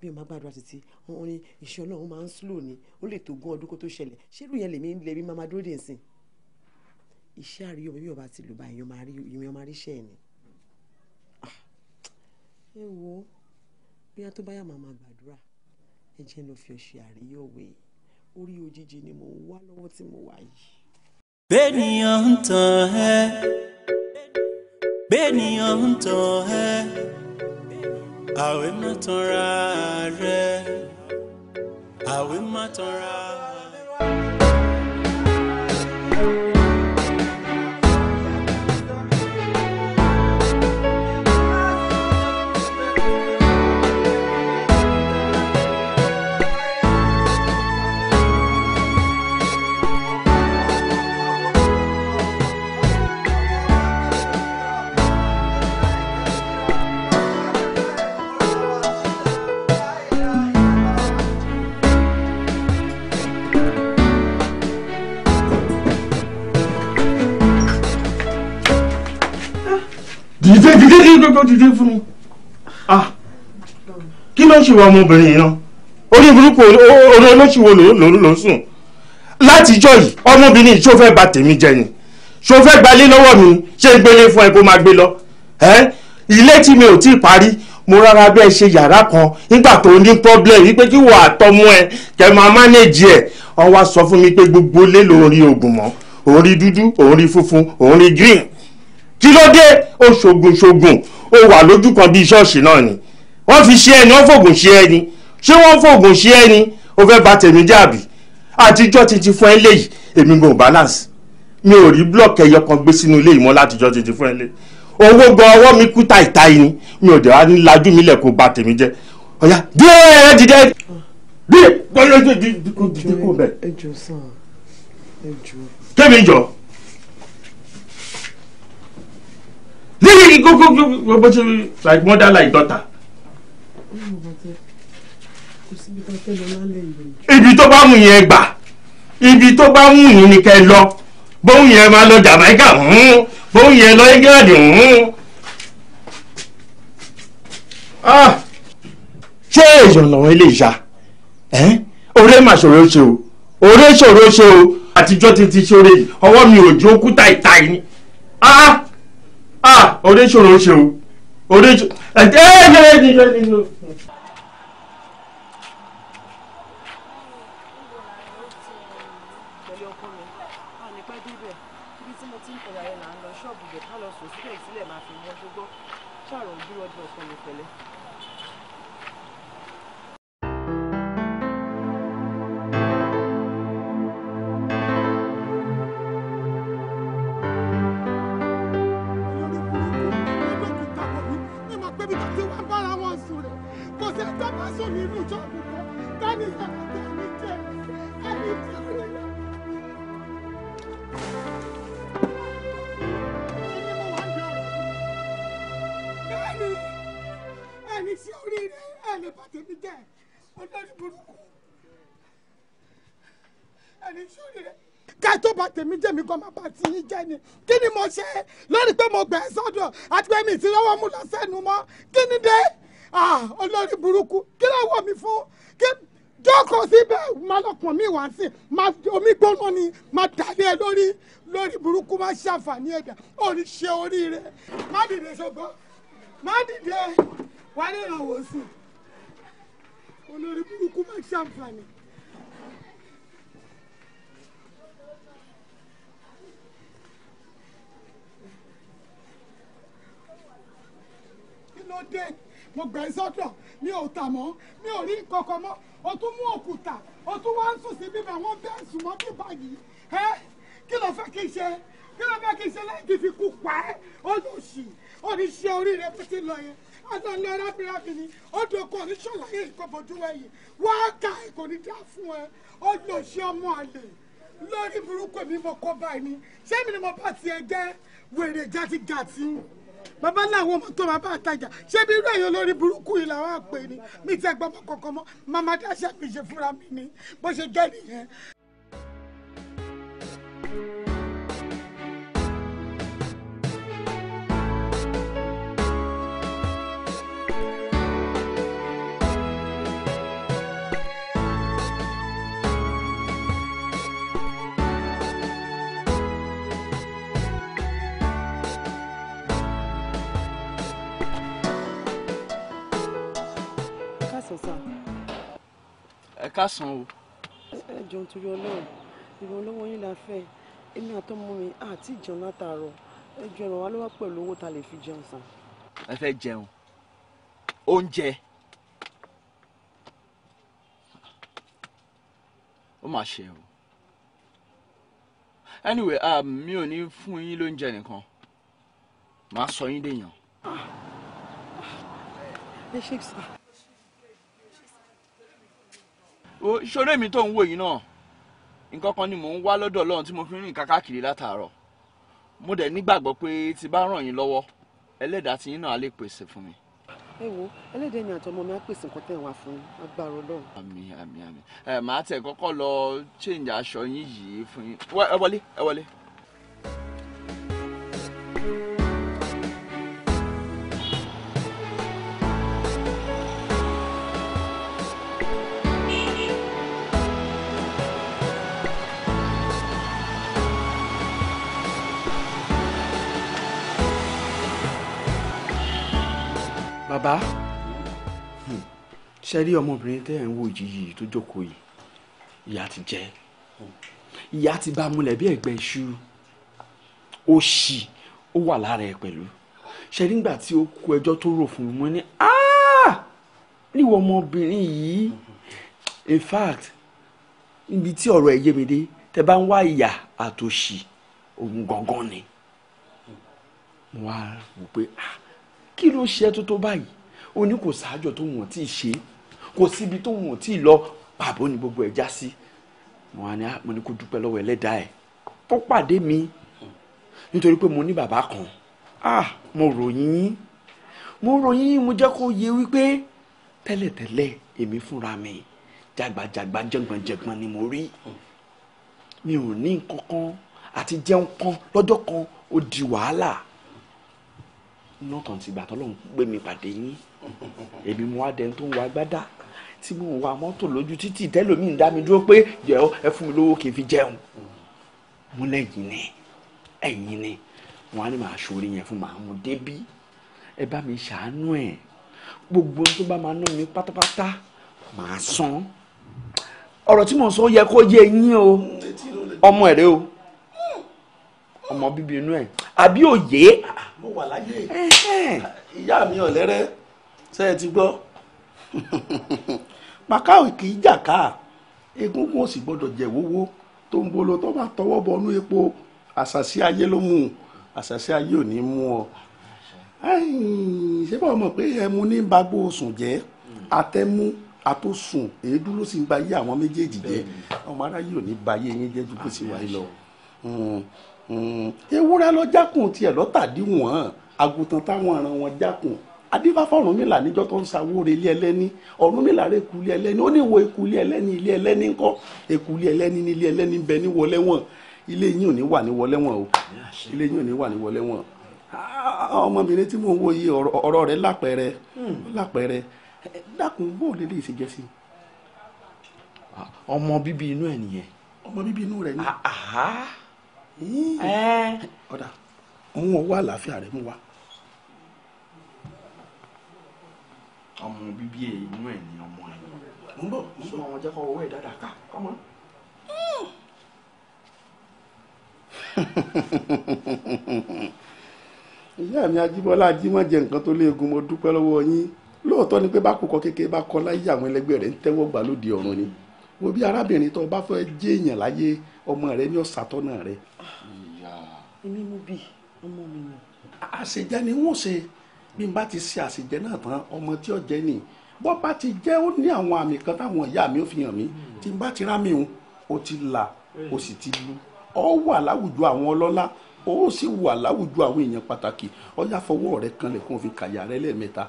bí o máa gbàdúrà títí wọn ní iṣẹ́ ọlọ́run máa ń slow ni ó lè tó gún ọdún kó tó ṣẹlẹ̀ ṣérú yẹn lèmi lèmi máa máa dúró dè nsìn iṣẹ́ àríyọ bí ọba ti lù bá èèyàn máa rí èèyàn máa rí iṣẹ́ ẹ̀ ni ah! ẹ wo bí wọn tó bá yà máa máa gbàdúrà ẹ jẹ́ lọ fi ọṣẹ àríyọ wé orí òjijì ni mò wá lọ́wọ́ tí mo wà yìí. bẹ́ẹ̀ ni à ń tàn ẹ́. bẹ́ẹ̀nìyàn ń tàn ẹ́ àwẹ̀ má tanra rẹ̀ àwẹ̀ má dìde dìde dìde gbogbo dìde fún mi ah, kí ló ń ṣe wa ọmọbìnrin yìí náà orí burúkú orí olóṣìwò lòún lòún sùn látijọ́ yìí ọmọbìnrin yìí ṣó fẹ́ bà tèmi jẹ́ ni ṣó fẹ́ gbalé lọ́wọ́ mi ṣé gbélé fún ẹ kó máa gbé lọ ilé tí mi ò tí ì parí mo rárá bẹ́ẹ̀ ṣe yàrá kan nígbà tó ní problem wípé kí wọ́n àtọmú ẹ kẹ́ máa mánéjì ẹ̀ wọ́n wá sọ fún mi pé gbogbo lé lórí oògùn mọ́ òun rí dúdú òun rí funfun òun rí green kí ló dé ó ṣoògùn ṣoògùn ó wà lójú kan bíi ṣọ́ọ̀ṣì náà ni wọ́n fi ṣe ẹni wọ́n fògùn ṣe ẹni ṣé wọ́n fògùn ṣe ẹni ó fẹ́ bà tèmi jẹ́ àtijọ́ ti fún ẹ léyìí èmi gan balance mi ò rí blọọkì ẹyọ kan gbé sínú ilé ìmọ̀ látijọ́ ti ti fún ẹ léyìí owó gan ọwọ́ mi kú táìtáì ni mi ò dẹ̀ wá ní lajú mi lẹ̀ kó bà tèmi jẹ́ ọ̀yá díẹ̀ ẹ̀ dìde díẹ̀ gbọ́dọ̀ díẹ̀ kó bẹ̀. ẹ jọ sàn ẹ jọ. kébì Lily, go, go, go, go, go, go, like mother, like daughter. If tó bá mú yẹn gbà, ibi tó bá mú yín ni kẹ́ lọ. Bóun yẹn máa lọ Jamaica, hmm. bóun yẹn lọ England. Hmm. Ah! Ṣé èèyàn lọ́wọ́ ilé ìṣá? Oore mà ṣòro ṣe o, oore ṣòro ṣe o. Àtijọ́ ti ti ṣe oore, ọwọ́ mi ò jó kú táìtáì Ah! ah oníṣòro ṣe o oníṣòro hey, hey, hey, hey, hey, hey. tó bá tèmi jẹ́ mi gan máa bá ti yín jẹ́ ni kí ni mo ṣe lórí pé mo gbà ẹ́ sọ́dọ̀ àti pé mi ti lọ́wọ́ mú lọ sẹ́nu mọ́ kí ni dé olórí burúkú kí ló wọ̀ mí fún kí jókòó síbẹ̀ máa lọ́kàn mi wá sí omi gbóná ni máa dàlẹ́ ẹ lórí lórí burúkú máa ṣàǹfààní ẹ̀dá orí oríire má dìde ṣọgbọ́n má dìde wálé ìrànwọ́ sùn olórí burúkú máa ṣàǹfààní. ló dé mo gbà ẹ́ mi ò tà mọ́ mi ò rí nǹkan kan o tún mú òkúta o tún wá ń sùn sí bíbá wọn bẹ́ẹ̀ sùn mọ́ bíbá yìí ẹ kí ló fẹ́ kí n ṣe kí ló fẹ́ kí n ṣe lẹ́yìn tí fi kú pa ẹ́ olùsì oníṣẹ́ oríire tó ti lọ yẹn ọ̀nà ní arábìnrin àbìnrin odò kò ní ṣàlàyé ìkọ̀bọ̀dún wá ká ẹ̀ ní dá fún ẹ olùsì ọmọ àlè lórí burúkú mi mo kọ́ báyìí ni ṣé mi ni mo bá tiẹ̀ jẹ́ wèrè játigàtì bàbá làwọn ọmọ tó bàbá àtajà ṣé bí irú ẹ̀yọ́ lórí burúkú yìí làwọn àpè ni mi ti ẹgbọ́n mọ́ kankan mọ́ màmá dáṣà mi ṣe fúnra mi ni bó ṣe jẹ́ nìyẹn. kásán o. ẹ jọ̀ọ́ nítorí ọlọ́run ìrànlọ́wọ́ yín la fẹ́ èmi àtọmọ mi àti ìjẹun látàárọ̀ ẹ jọ̀ọ́ ràn wá lọ́wọ́ pẹ̀lú owó tá lè fi jẹun sàn. ẹ fẹ́ jẹun oúnjẹ ó mà ṣe o anyway um, mi ò ní fún yín lóúnjẹ nìkan màá sọ yín dèèyàn. Ah, ah, ẹ ṣe sá ṣoré mi tó ń wò yìí náà nǹkan kan ni mò ń wá lọ́dọ̀ Ọlọ́run tí mo fi ń rìn kákàkiri látàárọ̀ mo dẹ̀ nígbàgbọ́ pé tí bá ràn yín lọ́wọ́ ẹlẹ́dàá tí yín náà á lè pèsè fún mi. ẹ wo ẹlẹ́dàá ni àtọmọ mi á pèsè nǹkan tẹ̀ wá fún agbára Ọlọ́run. àmì àmì àmì ẹ màá tẹ̀ kọ́kọ́ lọ change aṣọ yín yìí fún yín wọlé ẹ wọlé bàbá ṣe rí ọmọbìnrin tẹ́ ẹ̀ ń wò yìí tó jókòó yìí ìyá ti jẹ ìyá ti bá múlẹ̀ bí ẹ̀gbẹ́ iṣu ó ṣì ó wà lára ẹ̀ pẹ̀lú ṣe nígbà tí ó kó ẹjọ́ tó rò fún mi mo ní níwọ̀ ọmọbìnrin yìí in fact níbi tí ọ̀rọ̀ ẹ̀ yé mi dé tẹ́ bá ń wá ìyà àtòṣì òun gangan ni mo wá wò pé ah kí ló ṣe tó tó báyìí ó ní kò sáájọ tó wọ́n ti ṣe kò síbi tó wọ́n ti lọ pàbó ni gbogbo ẹ̀ já sí mo ah, ní kó dúpẹ́ lọ́wọ́ ẹlẹ́dàá ẹ̀ tó pàdé mi nítorí pé mo ní bàbá kan ah mo ròyìn yín mo ròyìn yín mo jẹ́ kó yé wípé tẹ́lẹ̀tẹ́lẹ̀ èmi fúnra mi jàgbàjàgbà jẹ̀gbọ̀njẹ̀gbọ̀n ni mo rí mi ò ní nǹkan kan àti jẹun kan lọ́jọ́ kan ó di wàhálà lọ́tàn ti gbà tọ́lọ́run gbé mi pàdé yín èmi mo wá dẹni tó ń wa gbádà tí mo wa mọ́tò lójú títì tẹ́lòmíì ń dá mi dúró pé jẹ́ ẹ fún mi lówó kí n fi jẹun mo lẹ́yìn ni ẹ̀yìn ni wọn á ní màá ṣòrí yẹn fún màá mú débí ẹ bá mi ṣàánú ẹ̀ gbogbo tó bá máa ná mi pátápátá màá san ọ̀rọ̀ tí mo sọ yẹ kó yé yín o ọmọ ẹ̀rẹ́ o ọmọ bíbí inú ẹ àbí òye. mo wà láyé ìyá mi ọ̀lẹ́rẹ́ ṣe é ti gbọ́ macau kì í jà ká egungun ò sì gbọ́dọ̀ jẹ wọ́wọ́ tó ń bolo tó bá tọwọ́ bọnú epo àṣàṣì ayé ló mú àṣàṣì ayé ò ní mú ọ ṣé bá ọmọ pé ẹmu ní bagbo sùn jẹ atẹmú àtòsùn èédú ló sì ń ba ayé àwọn méjèèjì jẹ ọmọ aráyé ò ní ba ayé yín jẹ ju kó sì wáyé lọ. Hmm. Hmm. ewúrẹ́ lọ jákùn tiẹ̀ lọ́tàdíwọ̀n àgùntàn táwọn ọ̀ràn wọn jákùn adífáfá ọ̀rúnmìlà níjọ́ tó ń sawóore ilé ẹlẹ́ni ọ̀rúnmìlà rẹ̀ èkú ilé ẹlẹ́ni ó ní wo èkú ilé ẹlẹ́ni ilé ẹlẹ́ni ńkọ́ èkú ilé ẹlẹ́ni ní ilé ẹlẹ́ni ń bẹ ní wọlé wọn ilé yín ò ní wà ní wọlé wọn o ilé yín ò ní wà ní wọlé wọn ah, ọmọbìnrin tí mò ń wo yìí ọ̀rọ̀ rẹ̀ lápẹẹrẹ hmm. lápẹẹrẹ eh, dákun bó o lè lè ṣe jẹ́ sí i. Ah, ọmọ bíbí inú ẹ nìyẹn. ọmọ bíbí inú rẹ ni. Ah, Eh. ọ̀dà òun ò wá àlàáfíà rẹ̀ mú wa. ọmọ bíbí inú ẹ̀ ni ọmọ ẹ̀. mo ń bọ̀ mo ń bọ̀ àwọn jẹ́kọ̀ owó ẹ̀ dáadáa ká kọ́mọ. ìyá mi ajíbọ́lá ajímọ̀ jẹ nǹkan tó léegun mo dúpẹ́ lọ́wọ́ yín lóòótọ́ ni pé bá kú kọ́ kékeré bá kọ́ láyé àwọn ẹlẹgbẹ́ rẹ̀ ń tẹ́wọ́ gbà lóde ọ̀run ni. Mm wo bí arábìnrin tó o bá fẹ́ jẹ́ èèyàn láyé ọmọ rẹ ní ọ̀sàtọ́nà rẹ. èmi mú bí ọmọ mi ni. àṣejẹ ni wọn ṣe bí n bá ti ṣe àṣejẹ náà tán ọmọ tí ó jẹ ni bọ́ bá ti jẹ́ ó ní àwọn àmì kan táwọn ìyá mi ò fi hàn mí tí n bá ti rá mi hùn ó ti là ó sì ti lu ọ wà láwùjọ àwọn ọlọ́lá ó sì wà láwùjọ àwọn èèyàn pàtàkì ó yá fọwọ́ rẹ kanlẹ̀ kó o kàyà rẹ lẹ́ẹ̀mẹ́ta.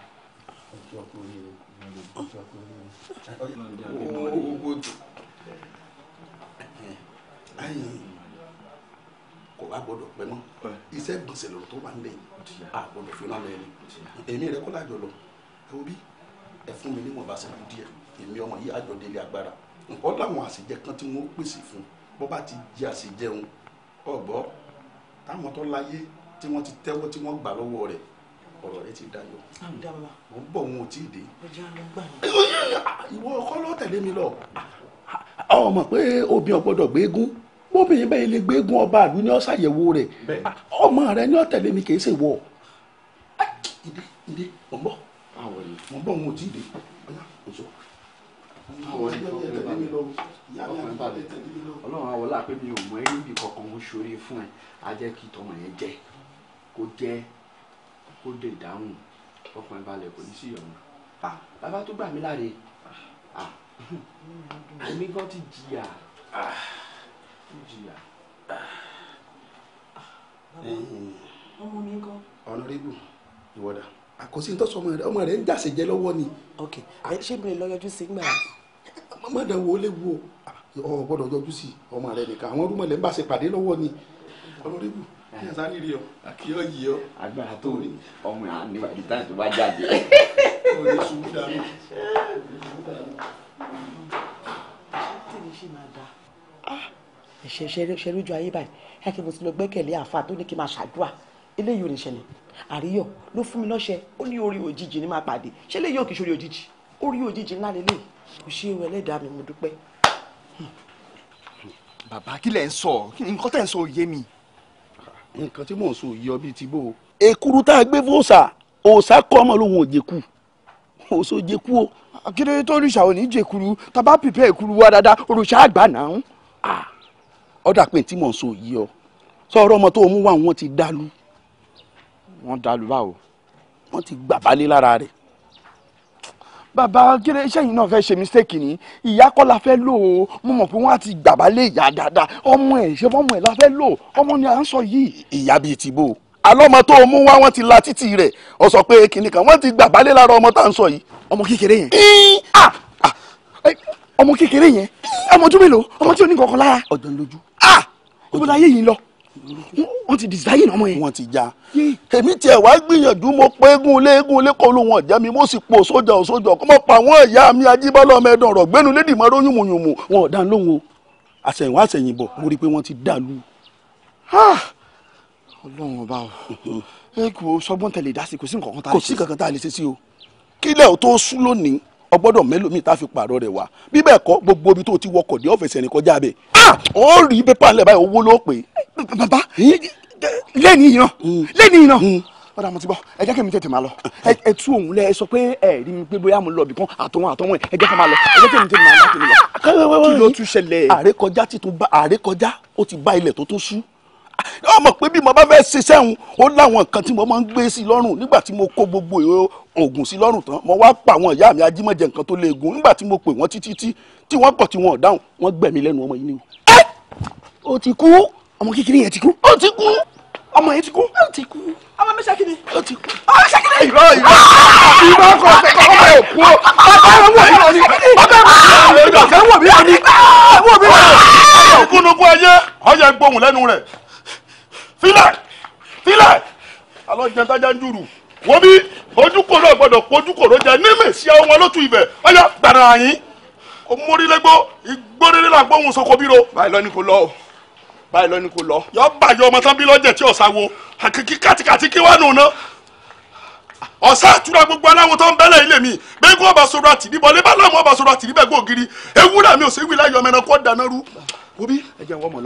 báyìí kò wá gbọdọ̀ pẹ́ mọ́ iṣẹ́ gbọ̀nsẹ̀ lọ́rọ̀ tó wà nílẹ̀ yìí a gbọdọ̀ fi náà lẹ́yìn èmi rẹ kọ́ lájọ lọ ẹ wo bí ẹ fún mi níwọ̀n bá sẹ́kù díẹ̀ èmi ọmọ yìí àjọ délé agbára nǹkan láwọn àṣejẹ kan tí wọ́n pèsè fún bọ́ bá ti jẹ àṣejẹun ọ̀gbọ́ táwọn tó láyé tí wọ́n ti tẹ́wọ́ tí wọ́n gbà lọ́wọ́ rẹ̀ ọ̀rọ̀ rẹ ti dayọ. mo ń bọ̀ wọn ò tí ì dé. ìwọ ọkọ lọ tẹ̀lé mi lọ. ọmọ pé obìnrin ò gbọdọ̀ bóbìnrin bẹ́ẹ̀ lè gbégun ọba àlù ni ó ṣàyẹ̀wò rẹ̀ ọmọ rẹ ni ó tẹ̀lé mi kì í ṣe wọ. ìdè ìdè mọ̀ ń bọ̀ mọ̀ ń bọ̀ wọn ò tí ì dé ọlọ́run àwọlá pé mi ò mọ ẹ́ níbi kankan mo ṣoore fún ẹ á jẹ́ kí tọmọ yẹn jẹ kó jẹ kó dé ìdáhùn ọkùnrin balẹ̀ kò ní sí ìyọ̀nù bàbá tó gbà mí láre àmì gan ti jìyà. Ah, eh, eh. ọmọ mi kọ́. ọ̀nàrẹ́bù ìwọ́dà àkọsí tó sọmọ rẹ ọmọ rẹ ń jàsè jẹ lọ́wọ́ ni. ok ṣé mi lọ yọjú sí gbà. Ah, má dàn wo léwu o ọ gbọ́dọ̀ yọjú sí ọmọ rẹ nìkan àwọn ọdún mọlẹ ń bá ṣe pàdé lọ́wọ́ ni ọlọrẹbù ní àtàrí rí ọ àkí ọ yìí ọ. agbára tó rí ọmọ yà ní wàjú táyà tó bá jáde. o lè sùn dànù. tèmi ṣì máa dáa ṣẹlójú ayé báyìí ẹ kí mo ti lọ gbẹ́kẹ̀lé àáfàá tó ní kí n máa ṣàdúrà eléyìí ò ní ṣẹlẹ̀ àríyọ̀ ló fún mi lọ́ṣẹ ó ní orí òjijì ní máa pàdé ṣé eléyìí ò kì í ṣorí òjijì orí òjijì ńlá lélẹ̀ kò ṣe ìwé ẹlẹ́dàá mi mo dúpẹ́. bàbá kí lẹ̀ ń sọ nǹkan tẹ̀ ń sọ yé mi. nǹkan tí mò ń sọ yọ bíi ti bó. èkúrú tá a gbé fòòsà òòsà kọ́ ọmọ lòun ò jẹ́kù òòsà ò jẹ́kù o. akérèdọ́lù ṣàwọn oníjẹkuru tàbá pípẹ́ ìkuru wa dáadáa òròṣà àgbà náà ah, ọ̀dà pé tí mò ń sọ yìí ọ sọ ọ̀rọ̀ ọmọ tó mú wá wọn ti dàlú. wọ́n dàlú báwo. wọ́n ti gbà balẹ̀ lára rẹ̀. bàbá gẹ́rẹ́ iṣẹ́ yìí náà fẹ́ ṣe mistake ni ìyá kọ́ la fẹ́ lò ó mo mọ̀ pé wọ́n á ti gbà balẹ̀ ìyá dáadáa ọmọ ẹ̀ ṣe fọ́mọ ẹ̀ la fẹ́ lò ọmọ ni à ń sọ yìí. ìyá bíi ti bò alọ́mọ tó mú wá wọ́n ti la títì rẹ̀ ó sọ pé kìnnìkan wọ́n ti gbà balẹ̀ lára ọmọ tá à ń sọ yìí ọmọ kékeré yẹn. Ah! ọmọ kékeré yẹn ọmọ ọdún mélòó ọmọ tí ò ní kankan lára. ọjọ́ ń lójú. ah ibo la yé yìí lọ wọ́n ti design ọmọ yẹn. wọ́n ti já èmi tiẹ̀ wá gbìyànjú mo pé eégún ilé eégún ilé kọ́ ló wọn ọ̀já mi mo sì po sójà òsójà kọ́ mọ́ pa àwọn ìyá mi ajíbọ́lá ọmọ ẹ̀dùn ọ̀rọ̀ gbẹ́nu lédìí mọ́ róyúnmùyùnmù wọn ò dá lóhùn o àṣẹ̀yìnwá àṣẹ̀yìnbọ̀ mo rí i pé wọ́n ti dà lù. ọlọ́run ọba o ẹ kò sọgbọ́n tẹ̀lé dásì kò sí nǹkan kan tá a lè ṣe sí o kílẹ̀ ò tó sún lónìí ọgbọ́dọ̀ mẹ́lòmíì tá a fi pààrọ̀ rẹ̀ wá bí bẹ́ẹ̀ kọ́ gbogbo ibi tó ti wọkọ̀ dé ọ̀fẹ́sẹ̀ ẹnì kọjá bẹ́ẹ̀ ah ó rí pépà ńlẹ̀ báyìí owó ló pè é. bàbá lẹ́ni ìran hmm. lẹ́ni ìran hmm. ọ̀dà mo ti bọ̀ ẹ jẹ́ kí mi tètè máa lọ ẹ tú òun lẹ ẹ sọ pé ẹ rí mi pé bóyá mo lọ ibìkan àtọ̀wọ̀n àtọ̀wọ̀n ẹ jẹ́ kí máa lọ ẹ jẹ́ kí mi tètè máa lọ kí ló tún ṣẹlẹ̀. àrékọjá ti tún bá àrékọjá ó ti bá ilẹ̀ tó tó sú ọmọ pé bí mo bá fẹ́ ṣiṣẹ́ òun ó láwọn nǹkan tí mo máa ń gbé sí lọ́rùn nígbà tí mo kó gbogbo oògùn sí lọ́rùn tán mo wá pa àwọn ìyá mi ajímọ̀jẹ nǹkan tó léegun nígbà tí mo pè wọ́n títí tí tí wọ́n kọ̀ tí wọ́n dáhùn wọ́n gbẹ̀mí lẹ́nu ọmọ yìí ni o. ẹ o ti kú ọmọ kékeré yẹn ti kú. o ti kú ọmọ yẹn ti kú. o ti kú ọmọ mi ṣàkíní. o ti kú ọmọ ṣàkíní. ìrọ ìrọ ìrọ kọ ọmọ yẹn kú o bàbá rẹ wọ mí lónìí bàbá rẹ wọ mí lónìí bàbá rẹ wọ mí lónìí. ọkùnrin kú ẹyẹ ọyẹ gbóhùn lẹ́nu rẹ̀ filẹ̀ filẹ̀ alọ́jẹ́ tájà ń jùrù wo bí ojúkòrò gbọ́dọ̀ pojúkòrò jẹ nímì sí àwọn ọmọ lótú ibẹ̀ ọyọ gbàrà yín kò mórílégbó ìgbóríré là gbóhùn soko bíro. báyìí lọ kò lọ o báyìí lọ ni kò lọ. yọ bàjẹ́ ọmọ tán bí lọ́jẹ̀ tí ọ̀sà wo àkìkí kàtìkàtì kí wàá nù ná ọ̀sá àtúrà gbogbo aláwọ̀ tó ń bẹ́lẹ̀ ilé mi gbẹ́gbẹ́ ọba sọ̀rọ̀ àtìdíbọ̀ lébà láwọn ọba sọ̀rọ̀ àtìdíbẹ̀ gbòògiri ewúrẹ́ mi ò sẹ́wìlá yọ ọmọ ẹranko dáná rú. wo bí ẹ jẹ́ wọ́n mọ̀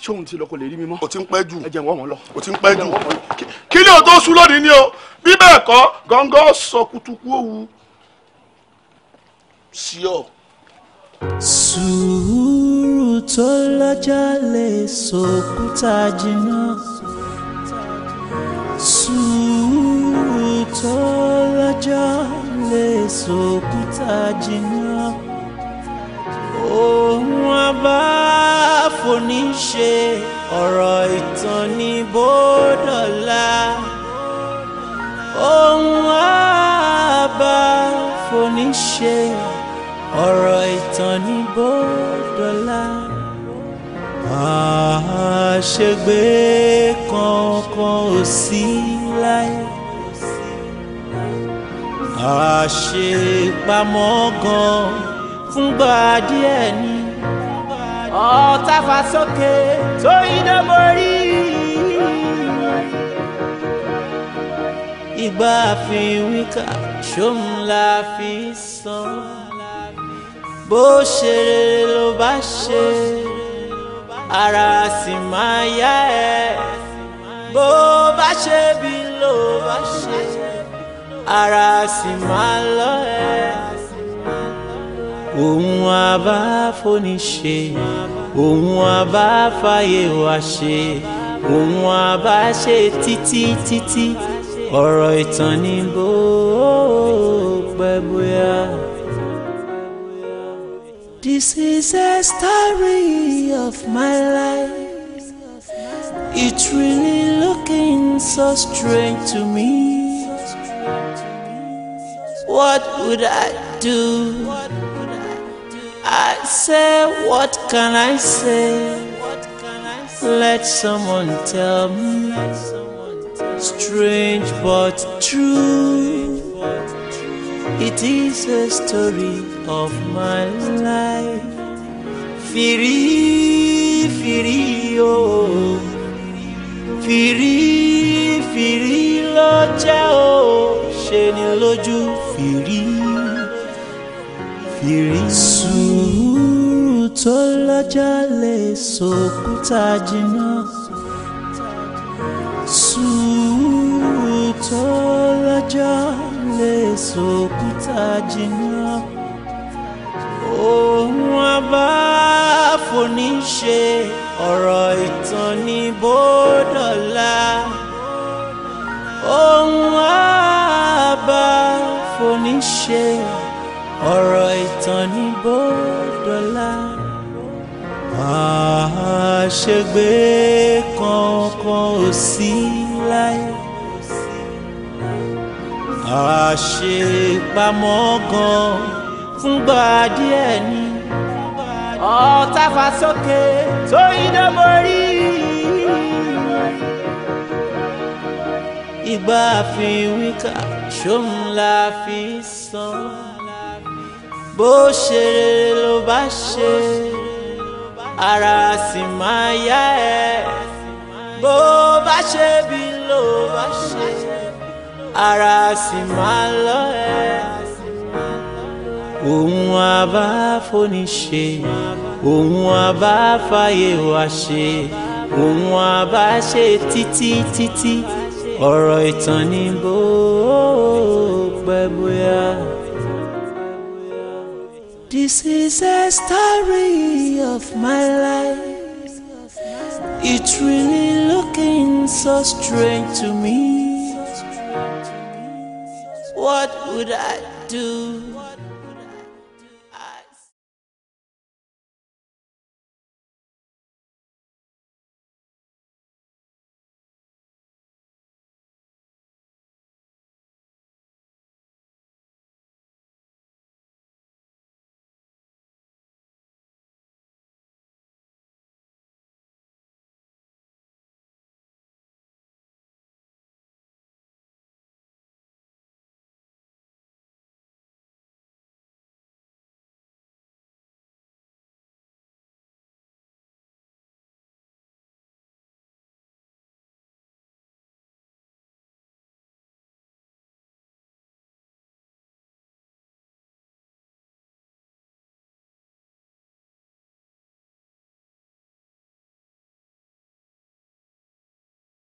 ṣé òun ti lọ kò lè rí mi mọ́. o ti ń pẹ́ jù ẹ jẹ́ wọ́n wọn lọ. o ti ń pẹ́ jù kí ni o tó sùn lónìí ni o bí bẹ́ẹ̀ kọ́ gángan sọ kutuku òwu sí ọ. sùúrù tó lọ́jà lè sòkúta jìnnà sùúrù tó lọ́jà lè sòkúta jìnnà ohun abáfoníṣe ọ̀rọ̀ ìtàn ní bódọ̀lá ohun abáfoníṣe ọ̀rọ̀ ìtàn ní bódọ̀lá àṣegbé kankan ò sí láyé àṣepamọ́ gan-an fúngbà díẹ̀ ni ọ̀tá fa sókè tó iná borí. ìgbà fi wíkà ṣóun la fi sọ bó ṣe rere ló bá ṣe ara sì máa yá ẹ bó bá ṣe bí ló bá ṣe ara sì máa lọ ẹ òun àbá fóníṣe òun àbá fàyè wá ṣe òun àbá ṣe títí títí ọ̀rọ̀ ìtàn ní bó pẹ́ bóyá. This is a story of my life. It's really looking so strange to me. What would I do? I say, what can I say? Let someone tell me. Strange but true. It is a story of my life. Firi, firi, oh. Firi, firi, lo Sheni Ṣe ni lójú firi. ìrísùúrù tó lọ́jọ́ lè sòkúta jìnnà sùúrù tó lọ́jọ́ lè sòkúta jìnnà ohun abáfoníṣe ọ̀rọ̀ ìtàn ní bódọ̀lá ohun abáfoníṣe ọ̀rọ̀ àìsàn ní bòdọ́là àṣegbè kankan ò sí láyé àṣepamọ́ gan fúngbà díẹ̀ ni ọ̀tá fà sókè tó iná borí. ìgbà àfihàn wíkà ṣóun la fi san bó ṣe rere ló bá ṣe ara sì máa yá ẹ bó bá ṣe bí ló bá ṣe ara sì máa lọ ẹ òun àbá fóni ṣe òun àbá fàyè wá ṣe òun àbá ṣe títí títí ọ̀rọ̀ ìtàn ni bó pẹ́ bóyá. This is a story of my life. It's really looking so strange to me. What would I do?